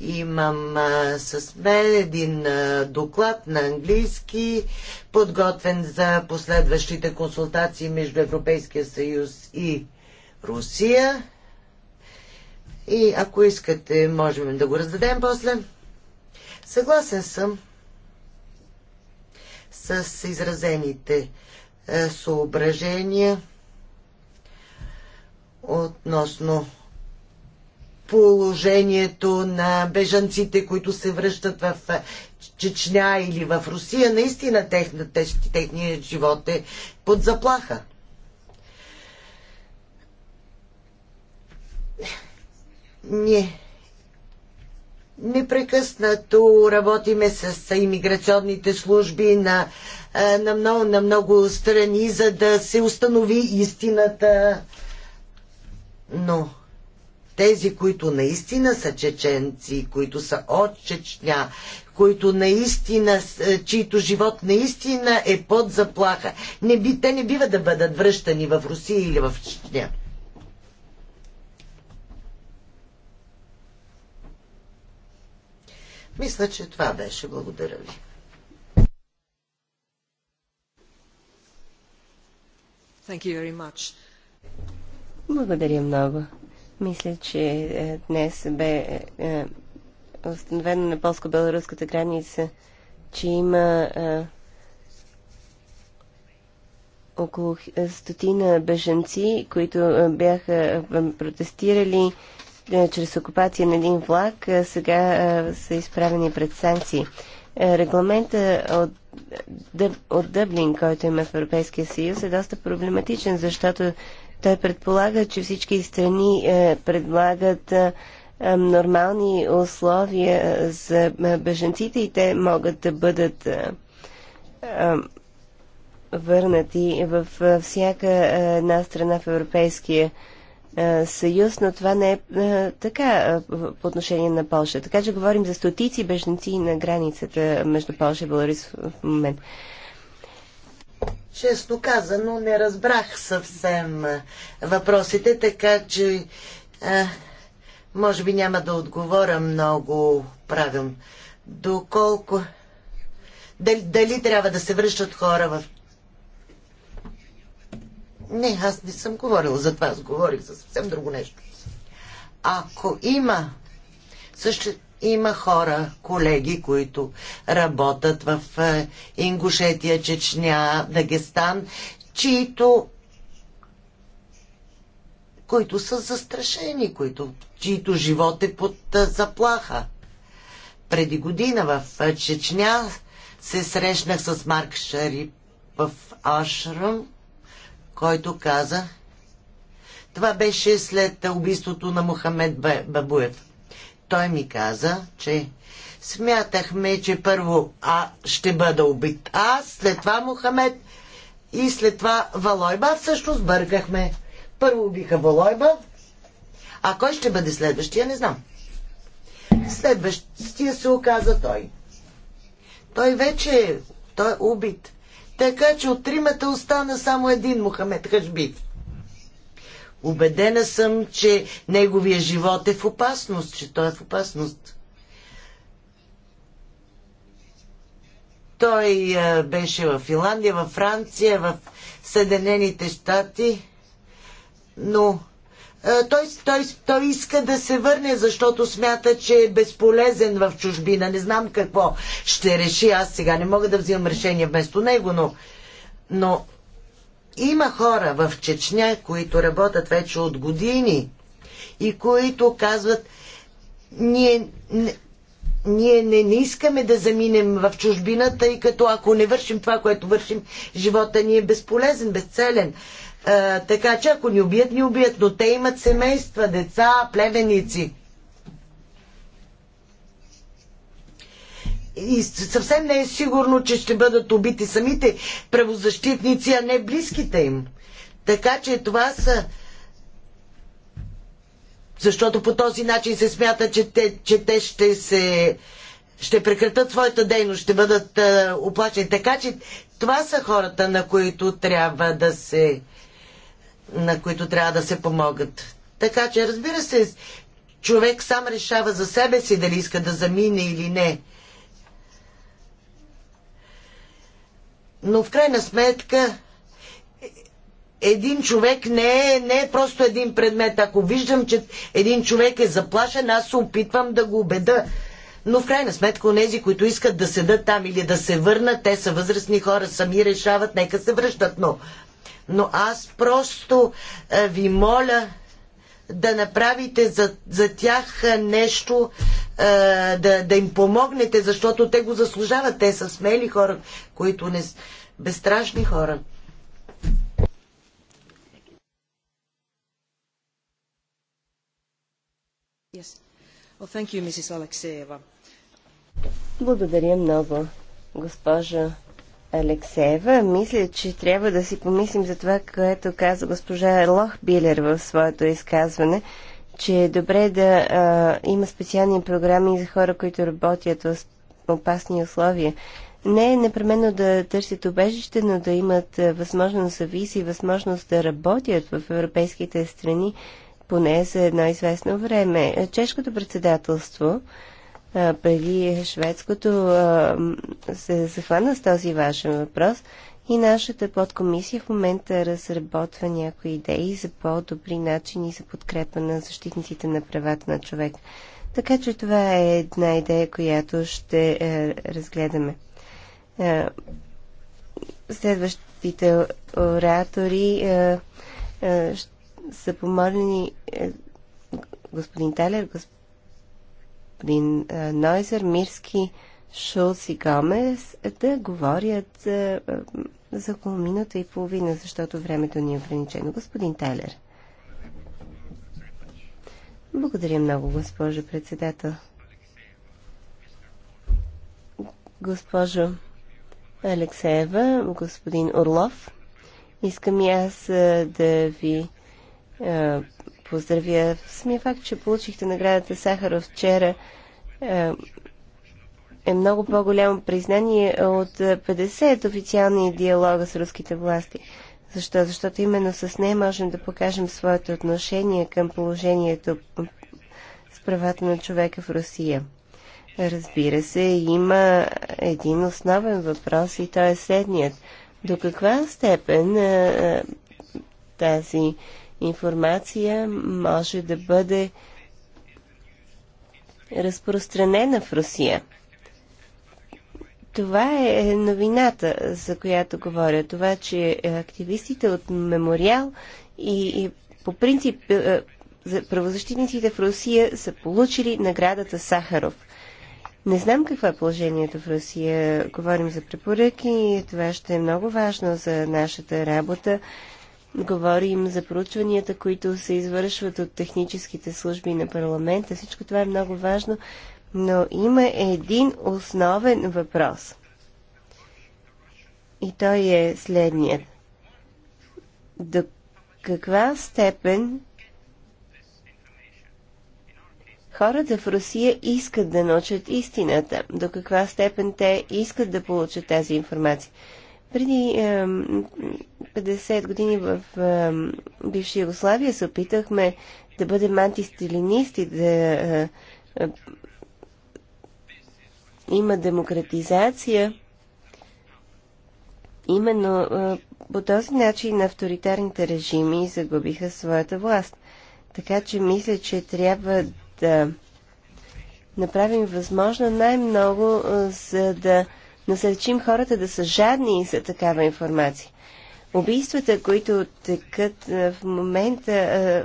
Имам а, с мен един а, доклад на английски, подготвен за последващите консултации между Европейския съюз и Русия. И ако искате, можем да го раздадем после. Съгласен съм с изразените а, съображения относно положението на бежанците, които се връщат в Чечня или в Русия, наистина техният живот е под заплаха. Ние непрекъснато работиме с имиграционните служби на, на, много, на много страни, за да се установи истината. Но тези, които наистина са чеченци, които са от Чечня, които наистина, е, чието живот наистина е под заплаха. Не би, те не бива да бъдат връщани в Русия или в Чечня. Мисля, че това беше. Благодаря ви. Thank you very much. Благодаря много. Мисля, че е, днес бе е, е, установено на полско-беларуската граница, че има около стотина бежанци, които бяха протестирали чрез окупация на един влак, сега са изправени пред санкции. Регламента от, от Дъблин, който има в Европейския съюз, е доста проблематичен, защото той предполага, че всички страни е, предлагат е, е, нормални условия за беженците и те могат да бъдат върнати в всяка една страна в Европейския съюз, но това не е така по отношение на Польша. Така че говорим за стотици беженци на границата между Польша и Беларус в момента. Честно казано, не разбрах съвсем въпросите, така че а, може би няма да отговоря много правилно. Доколко... Дали, дали трябва да се връщат хора в... Не, аз не съм говорил за това, аз говорих за съвсем друго нещо. Ако има също има хора, колеги, които работят в е, Ингушетия, Чечня, Дагестан, чието които са застрашени, които, чието живот е под е, заплаха. Преди година в е, Чечня се срещнах с Марк Шарип в Ашрам, който каза, това беше след убийството на Мохамед Бабуев той ми каза, че смятахме, че първо А ще бъда убит аз, след това Мухамед. и след това Валойба. Всъщност сбъргахме. Първо убиха Валойба, а кой ще бъде следващия, не знам. Следващия се оказа той. Той вече той е убит. Така че от тримата остана само един Мухамед Хашбит. Убедена съм, че неговия живот е в опасност, че той е в опасност. Той а, беше в Финландия, в Франция, в Съединените щати, но а, той, той, той иска да се върне, защото смята, че е безполезен в чужбина. Не знам какво ще реши. Аз сега не мога да взимам решение вместо него, но, но има хора в Чечня, които работят вече от години и които казват, ние, ние не, не искаме да заминем в чужбината, тъй като ако не вършим това, което вършим, живота ни е безполезен, безцелен. А, така че ако ни убият, ни убият, но те имат семейства, деца, племеници. и съвсем не е сигурно, че ще бъдат убити самите правозащитници, а не близките им. Така че това са защото по този начин се смята, че те, че те ще се ще прекратат своята дейност, ще бъдат а, оплачени. Така че това са хората, на които трябва да се на които трябва да се помогат. Така че, разбира се, човек сам решава за себе си дали иска да замине или не. но в крайна сметка един човек не е, не е просто един предмет. Ако виждам, че един човек е заплашен, аз се опитвам да го убеда. Но в крайна сметка, онези, които искат да седат там или да се върнат, те са възрастни хора, сами решават, нека се връщат. Но, но аз просто а, ви моля да направите за, за тях нещо, а, е, да, да им помогнете, защото те го заслужават. Те са смели хора, които не безстрашни хора. Yes. Well, thank you, Mrs. Благодаря много, госпожа Алексеева, мисля, че трябва да си помислим за това, което каза госпожа Лох Билер в своето изказване, че е добре да а, има специални програми за хора, които работят в опасни условия. Не е непременно да търсят убежище, но да имат възможност за и възможност да работят в европейските страни поне за едно известно време. Чешкото председателство преди шведското се захвана с този важен въпрос и нашата подкомисия в момента разработва някои идеи за по-добри начини за подкрепа на защитниците на правата на човек. Така че това е една идея, която ще е, разгледаме. следващите оратори е, е, са помолени господин Талер, господин господин е, Нойзер, Мирски, Шулц и Гомес да говорят за, е, е, за около минута и половина, защото времето ни е ограничено. Господин Тайлер. Благодаря много, госпожо председател. Госпожо Алексеева, господин Орлов, искам и аз да ви поздравя. Самия факт, че получихте наградата Сахаров вчера е, е много по-голямо признание от 50 официални диалога с руските власти. Защо? Защото именно с нея можем да покажем своето отношение към положението с правата на човека в Русия. Разбира се, има един основен въпрос и той е следният. До каква степен е, е, тази информация може да бъде разпространена в Русия. Това е новината, за която говоря. Това, че активистите от Мемориал и, и по принцип е, е, правозащитниците в Русия са получили наградата Сахаров. Не знам какво е положението в Русия. Говорим за препоръки. Това ще е много важно за нашата работа. Говорим за проучванията, които се извършват от техническите служби на парламента. Всичко това е много важно, но има един основен въпрос. И той е следният. До каква степен хората в Русия искат да научат истината? До каква степен те искат да получат тази информация? Преди е, 50 години в бивша Югославия се опитахме да бъдем антистилинисти, да има демократизация. Именно по този начин авторитарните режими загубиха своята власт. Така че мисля, че трябва да направим възможно най-много, за да насърчим хората да са жадни за такава информация убийствата, които текат в момента,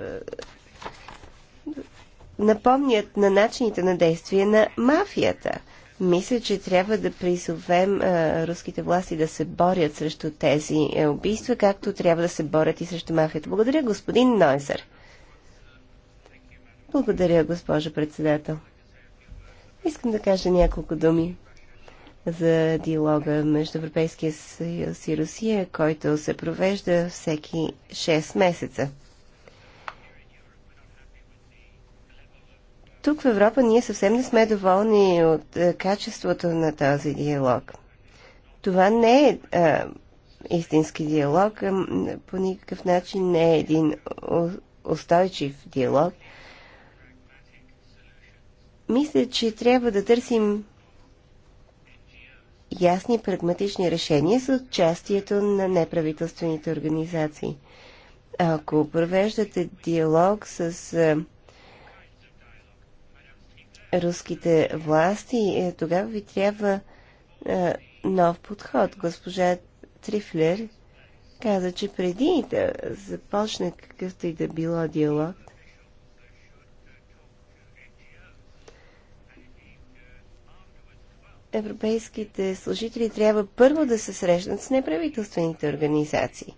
напомнят на начините на действие на мафията. Мисля, че трябва да призовем руските власти да се борят срещу тези е, убийства, както трябва да се борят и срещу мафията. Благодаря, господин Нойзер. Благодаря, госпожо председател. Искам да кажа няколко думи за диалога между Европейския съюз и Русия, който се провежда всеки 6 месеца. Тук в Европа ние съвсем не сме доволни от е, качеството на този диалог. Това не е а, е, истински диалог, а, по никакъв начин не е един устойчив диалог. Мисля, че трябва да търсим ясни прагматични решения с участието на неправителствените организации. Ако провеждате диалог с е, руските власти, е, тогава ви трябва е, нов подход. Госпожа Трифлер каза, че преди да започне какъвто и да било диалог, европейските служители трябва първо да се срещнат с неправителствените организации.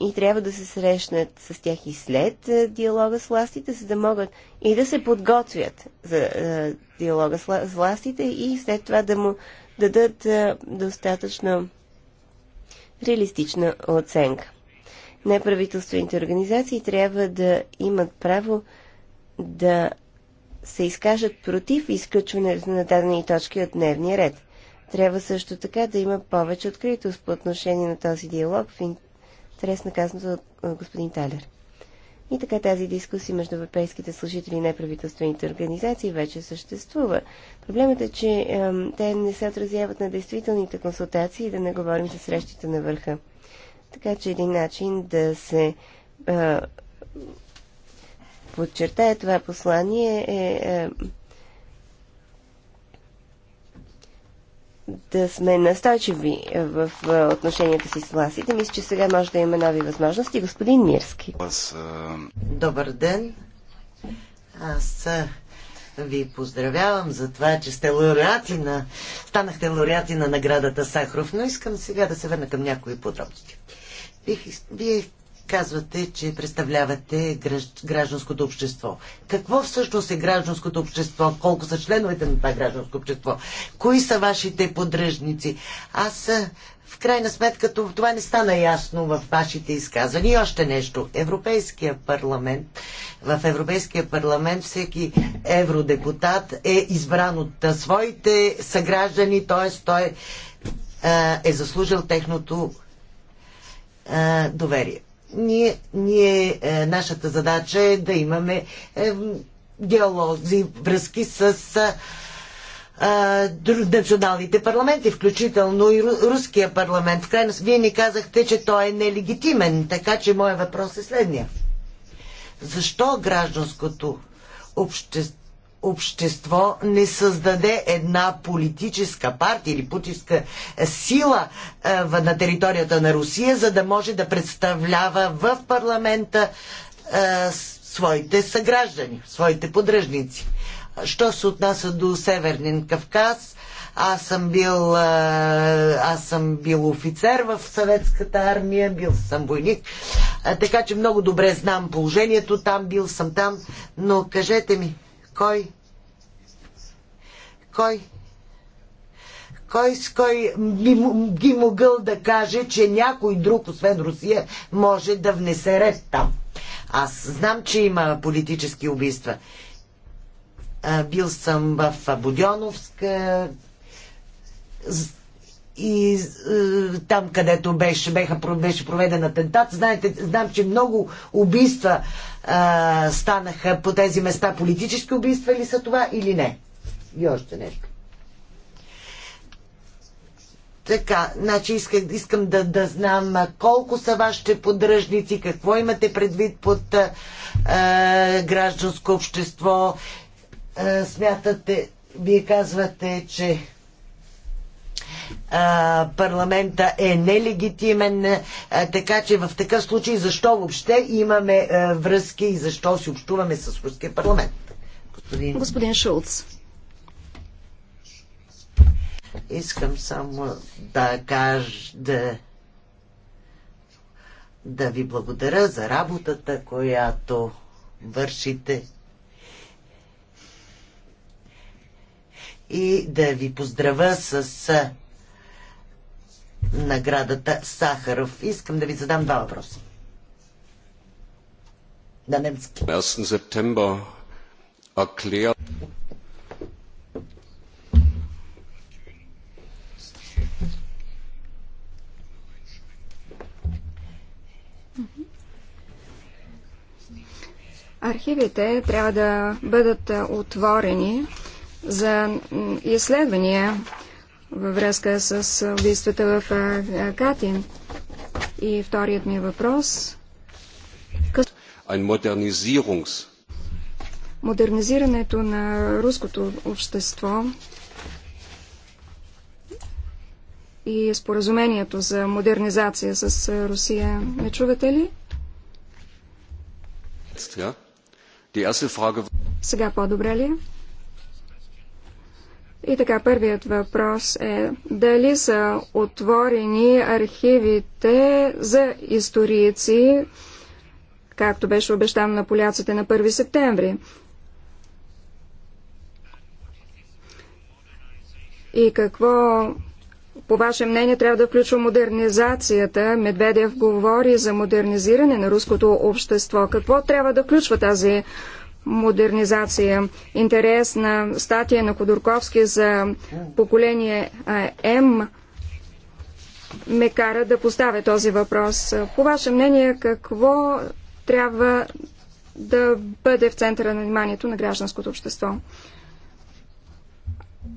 И трябва да се срещнат с тях и след диалога с властите, за да могат и да се подготвят за диалога с властите и след това да му дадат достатъчно реалистична оценка. Неправителствените организации трябва да имат право да се изкажат против изключване на дадени точки от дневния ред. Трябва също така да има повече откритост по отношение на този диалог в интерес на казаното от господин Талер. И така тази дискусия между европейските служители и неправителствените организации вече съществува. Проблемът е, че е, те не се отразяват на действителните консултации и да не говорим за срещите на върха. Така че един начин да се е, подчертая това послание е, е да сме настойчиви в отношенията си с властите. Мисля, че сега може да има нови възможности. Господин Мирски. Е, Добър ден. Аз е, ви поздравявам за това, че сте лауреати на... Станахте лауреати на наградата Сахров, но искам сега да се върна към някои подробности. Вие Казвате, че представлявате гражданското общество. Какво всъщност е гражданското общество? Колко са членовете на това гражданско общество? Кои са вашите подръжници? Аз в крайна сметка това не стана ясно в вашите изказвания. И още нещо. Европейския парламент. В Европейския парламент всеки евродепутат е избран от своите съграждани, т.е. той е заслужил техното доверие ние, ние е, нашата задача е да имаме е, диалози, връзки с е, е, националните парламенти, включително и руския парламент. В крайна вие ни казахте, че той е нелегитимен, така че моят въпрос е следния. Защо гражданското общество общество не създаде една политическа партия или политическа сила е, на територията на Русия, за да може да представлява в парламента е, своите съграждани, своите подръжници. Що се отнася до Северния Кавказ, аз съм бил, е, аз съм бил офицер в съветската армия, бил съм войник, така че много добре знам положението там, бил съм там, но кажете ми, кой? Кой? Кой с кой би, би могъл да каже, че някой друг, освен Русия, може да внесе ред там? Аз знам, че има политически убийства. бил съм в Будьоновска, и е, там, където беше, беха, беше проведен атентат. Знаете, знам, че много убийства е, станаха по тези места. Политически убийства ли са това или не? И още нещо. Така, значи искам, искам да, да знам колко са вашите поддръжници, какво имате предвид под е, е гражданско общество. Е, смятате, вие казвате, че парламента е нелегитимен, така че в такъв случай защо въобще имаме връзки и защо си общуваме с руския парламент? Господин, Господин Шулц. Искам само да кажа да, да ви благодаря за работата, която вършите и да ви поздравя с наградата Сахаров. Искам да ви задам два въпроса. На немски. 1 септември Архивите трябва да бъдат отворени за изследвания във връзка с убийствата в Катин. И вторият ми въпрос. Модернизирането на руското общество и споразумението за модернизация с Русия. Не чувате ли? Сега по-добре ли? Е? И така, първият въпрос е дали са отворени архивите за историци, както беше обещано на поляците на 1 септември. И какво, по ваше мнение, трябва да включва модернизацията? Медведев говори за модернизиране на руското общество. Какво трябва да включва тази модернизация. Интерес на статия на Ходорковски за поколение М ме кара да поставя този въпрос. По ваше мнение, какво трябва да бъде в центъра на вниманието на гражданското общество?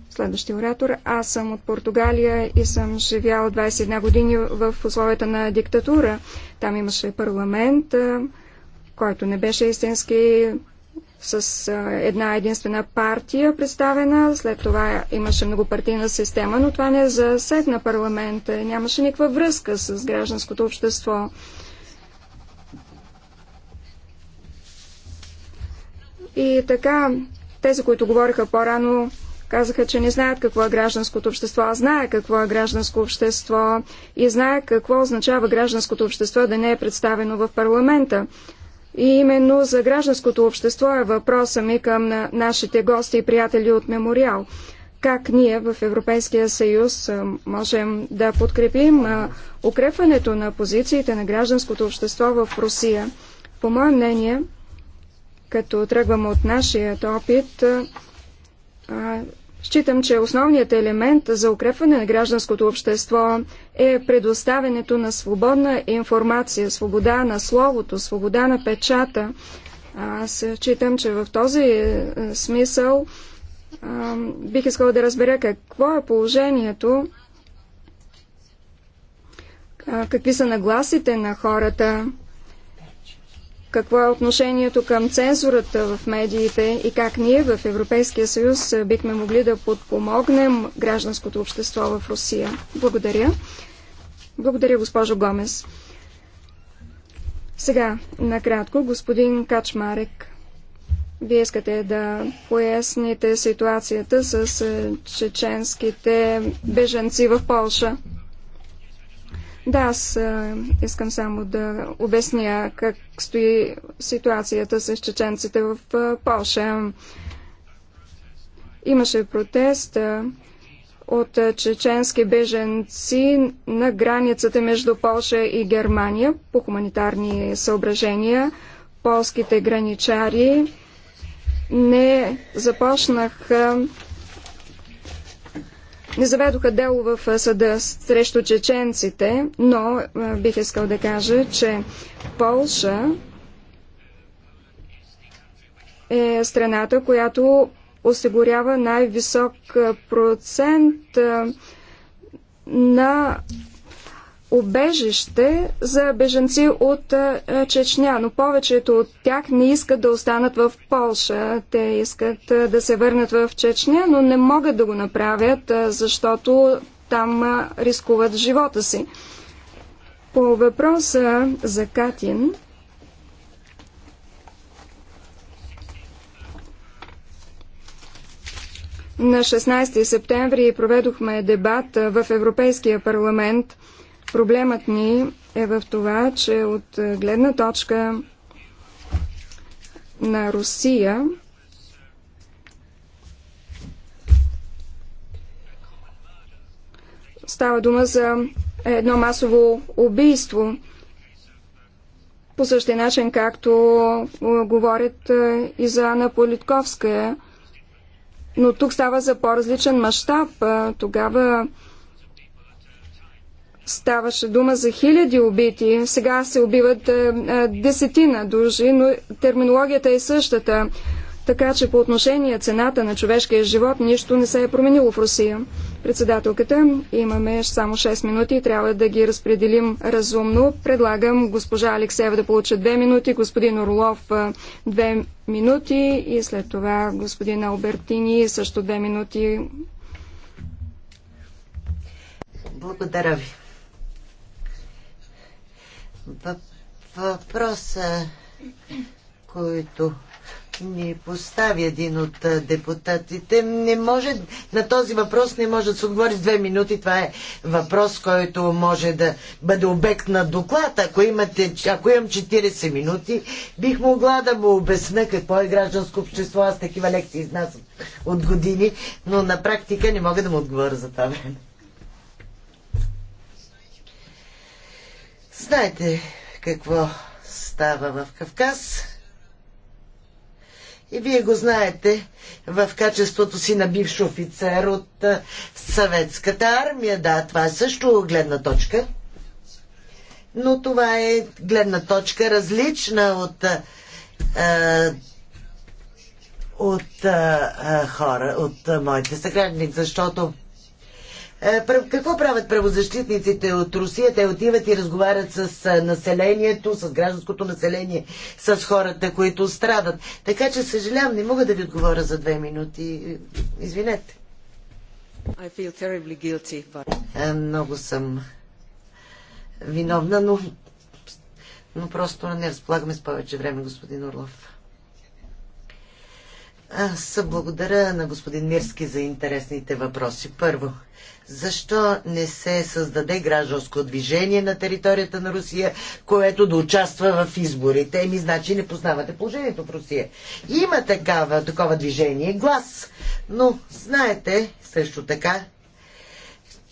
Следващия оратор. Аз съм от Португалия и съм живял 21 години в условията на диктатура. Там имаше парламент, който не беше истински с една единствена партия представена. След това имаше многопартийна система, но това не е на парламента. Нямаше никаква връзка с гражданското общество. И така, тези, които говориха по-рано, казаха, че не знаят какво е гражданското общество. Аз знае какво е гражданско общество и знае какво означава гражданското общество да не е представено в парламента. И именно за гражданското общество е въпроса ми към нашите гости и приятели от Мемориал. Как ние в Европейския съюз можем да подкрепим укрепването на позициите на гражданското общество в Русия? По мое мнение, като тръгвам от нашият опит, Считам, че основният елемент за укрепване на гражданското общество е предоставянето на свободна информация, свобода на словото, свобода на печата. Аз считам, че в този е, смисъл а, бих искала да разбера какво е положението, а, какви са нагласите на хората, какво е отношението към цензурата в медиите и как ние в Европейския съюз бихме могли да подпомогнем гражданското общество в Русия. Благодаря. Благодаря, госпожо Гомес. Сега, накратко, господин Качмарек. Вие искате да поясните ситуацията с чеченските беженци в Полша. Да, аз искам само да обясня как стои ситуацията с чеченците в Польша. Имаше протест от чеченски беженци на границата между Польша и Германия по хуманитарни съображения. Полските граничари не започнаха не заведоха дело в съда срещу чеченците, но бих искал да кажа, че Полша е страната, която осигурява най-висок процент на обежище за беженци от Чечня, но повечето от тях не искат да останат в Полша. Те искат да се върнат в Чечня, но не могат да го направят, защото там рискуват живота си. По въпроса за Катин, на 16 септември проведохме дебат в Европейския парламент – Проблемът ни е в това, че от гледна точка на Русия става дума за едно масово убийство. По същия начин, както говорят и за Анна Политковская. Но тук става за по-различен мащаб. Тогава Ставаше дума за хиляди убити, сега се убиват а, е, а, е, десетина души, но терминологията е същата. Така че по отношение цената на човешкия живот нищо не се е променило в Русия. Председателката, имаме само 6 минути и трябва да ги разпределим разумно. Предлагам госпожа Алексеева да получи 2 минути, господин Орлов 2 е, минути и след това господин Албертини също 2 минути. Благодаря ви въпроса, който ни постави един от депутатите. Не може, на този въпрос не може да се отговори с две минути. Това е въпрос, който може да бъде обект на доклад. Ако, имате, ако имам 40 минути, бих могла да му обясна какво е гражданско общество. Аз такива лекции изнасям от години, но на практика не мога да му отговоря за това време. Знаете какво става в Кавказ. И вие го знаете в качеството си на бивш офицер от съветската армия. Да, това е също гледна точка. Но това е гледна точка различна от, а, от а, хора, от а, моите съграждани, защото е, какво правят правозащитниците от Русия? Те отиват и разговарят с населението, с гражданското население, с хората, които страдат. Така че съжалявам, не мога да ви отговоря за две минути. Извинете. I feel terribly guilty, but... Е, много съм виновна, но, но просто не разполагаме с повече време, господин Орлов. Аз благодаря на господин Мирски за интересните въпроси. Първо, защо не се създаде гражданско движение на територията на Русия, което да участва в изборите? Еми, значи не познавате положението в Русия. Има такава, такова движение, глас. Но знаете също така,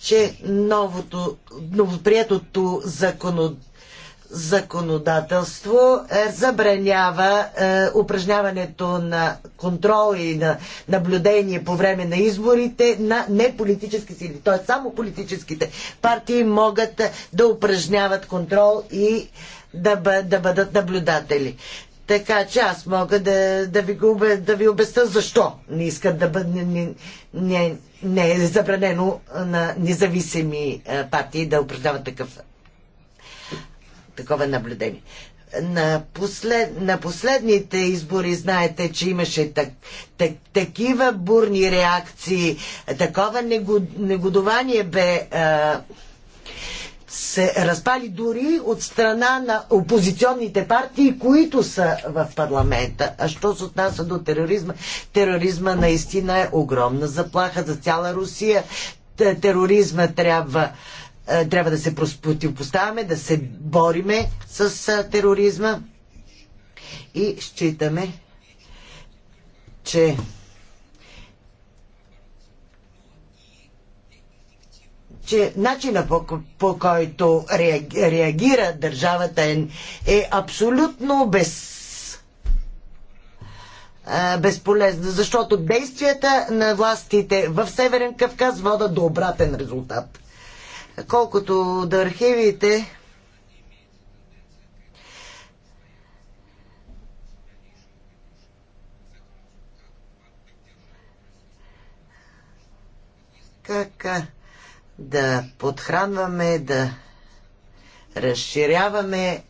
че новото, новоприетото законодателство законодателство е, забранява е, упражняването на контрол и на наблюдение по време на изборите на неполитически сили. Т.е. само политическите партии могат да упражняват контрол и да, да бъдат наблюдатели. Така че аз мога да, да, ви, да ви обясня защо не искат да бъдат не, не, не е забранено на независими е, партии да упражняват такъв такова наблюдение. На, послед, на последните избори знаете, че имаше так, так, такива бурни реакции, такова негод, негодование бе. А, се разпали дори от страна на опозиционните партии, които са в парламента. А що се отнася до тероризма? Тероризма наистина е огромна заплаха за цяла Русия. Тероризма трябва е, трябва да се противопоставяме, да се бориме с е, тероризма и считаме, че че начина по, по който реагира държавата е, е абсолютно без е, безполезна, защото действията на властите в Северен Кавказ водят до обратен резултат. Колкото до архивите, как да подхранваме, да разширяваме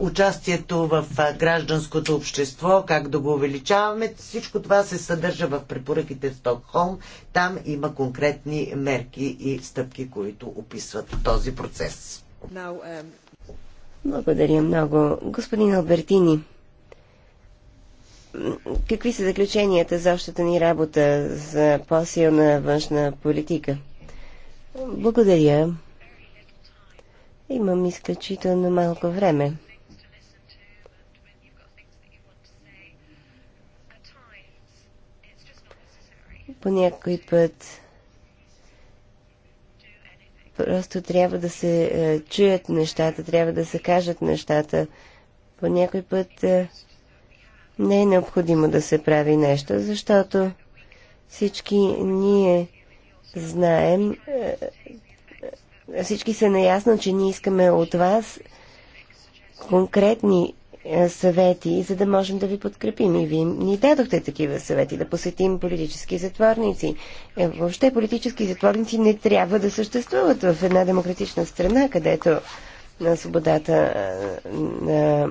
участието в гражданското общество, как да го увеличаваме. Всичко това се съдържа в препоръките в Стокхолм. Там има конкретни мерки и стъпки, които описват този процес. Um, Благодаря много. Господин Албертини, какви са заключенията за общата ни работа за по-силна външна политика? Благодаря. Имам изключително малко време. По някой път просто трябва да се е, чуят нещата, трябва да се кажат нещата. По някой път е, не е необходимо да се прави нещо, защото всички ние знаем, е, всички са наясно, че ние искаме от вас конкретни е, съвети, за да можем да ви подкрепим. И вие ни дадохте такива съвети, да посетим политически затворници. Е, въобще политически затворници не трябва да съществуват в една демократична страна, където на свободата е, на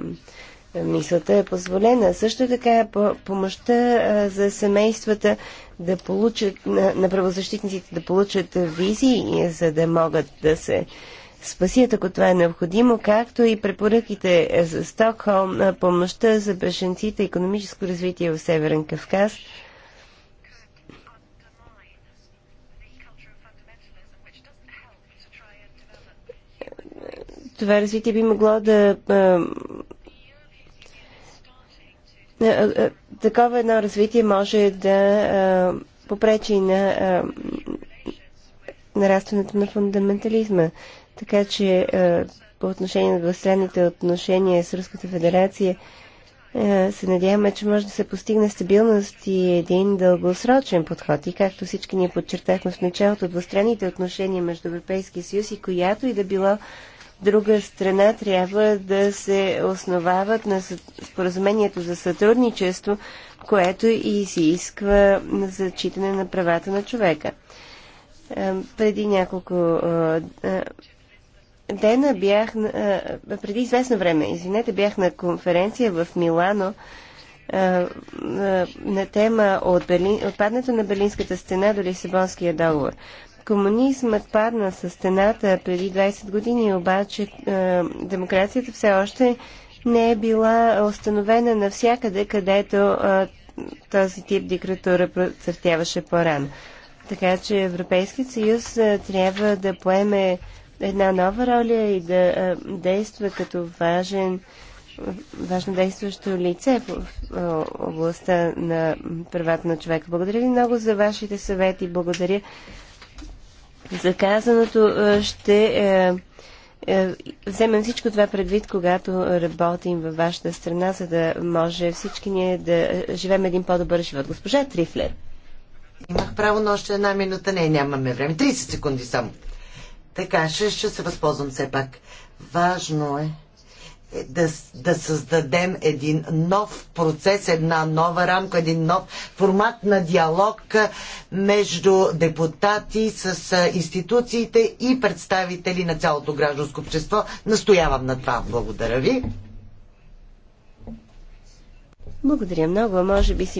е, мисълта е позволена. Също така помощта за семействата да получат, на, на правозащитниците да получат визи, за да могат да се спасят, ако това е необходимо, както и препоръките за Стокхолм, помощта за бешенците, економическо развитие в Северен Кавказ. Това развитие би могло да е, е, такова едно развитие може да е, попречи на нарастването на фундаментализма. Така че по отношение на двустранните отношения с Руската федерация се надяваме, че може да се постигне стабилност и един дългосрочен подход. И както всички ние подчертахме в началото, двустранните отношения между Европейския съюз и която и да било друга страна трябва да се основават на споразумението за сътрудничество, което и се изисква зачитане на правата на човека. Е, преди няколко е, е, дена бях, преди известно време, извинете, бях на конференция в Милано на тема от Берлин, отпадането на Берлинската стена до Лисабонския договор. Комунизмът падна с стената преди 20 години, обаче е, демокрацията все още не е била установена навсякъде, където е, този тип диктатура процъфтяваше по-рано. Така че Европейският съюз е, трябва да поеме една нова роля и да е, действа като важен, важно действащо лице в, в е, областта на правата на човека. Благодаря ви много за вашите съвети. Благодаря заказаното. Е, ще е, е, вземем всичко това предвид, когато работим във вашата страна, за да може всички ние да живеем един по-добър живот. Госпожа Трифлер. Имах право на още една минута. Не, нямаме време. 30 секунди само. Така, ще, ще се възползвам все пак. Важно е да, да създадем един нов процес, една нова рамка, един нов формат на диалог между депутати с институциите и представители на цялото гражданско общество. Настоявам на това. Благодаря ви. Благодаря много. Може би си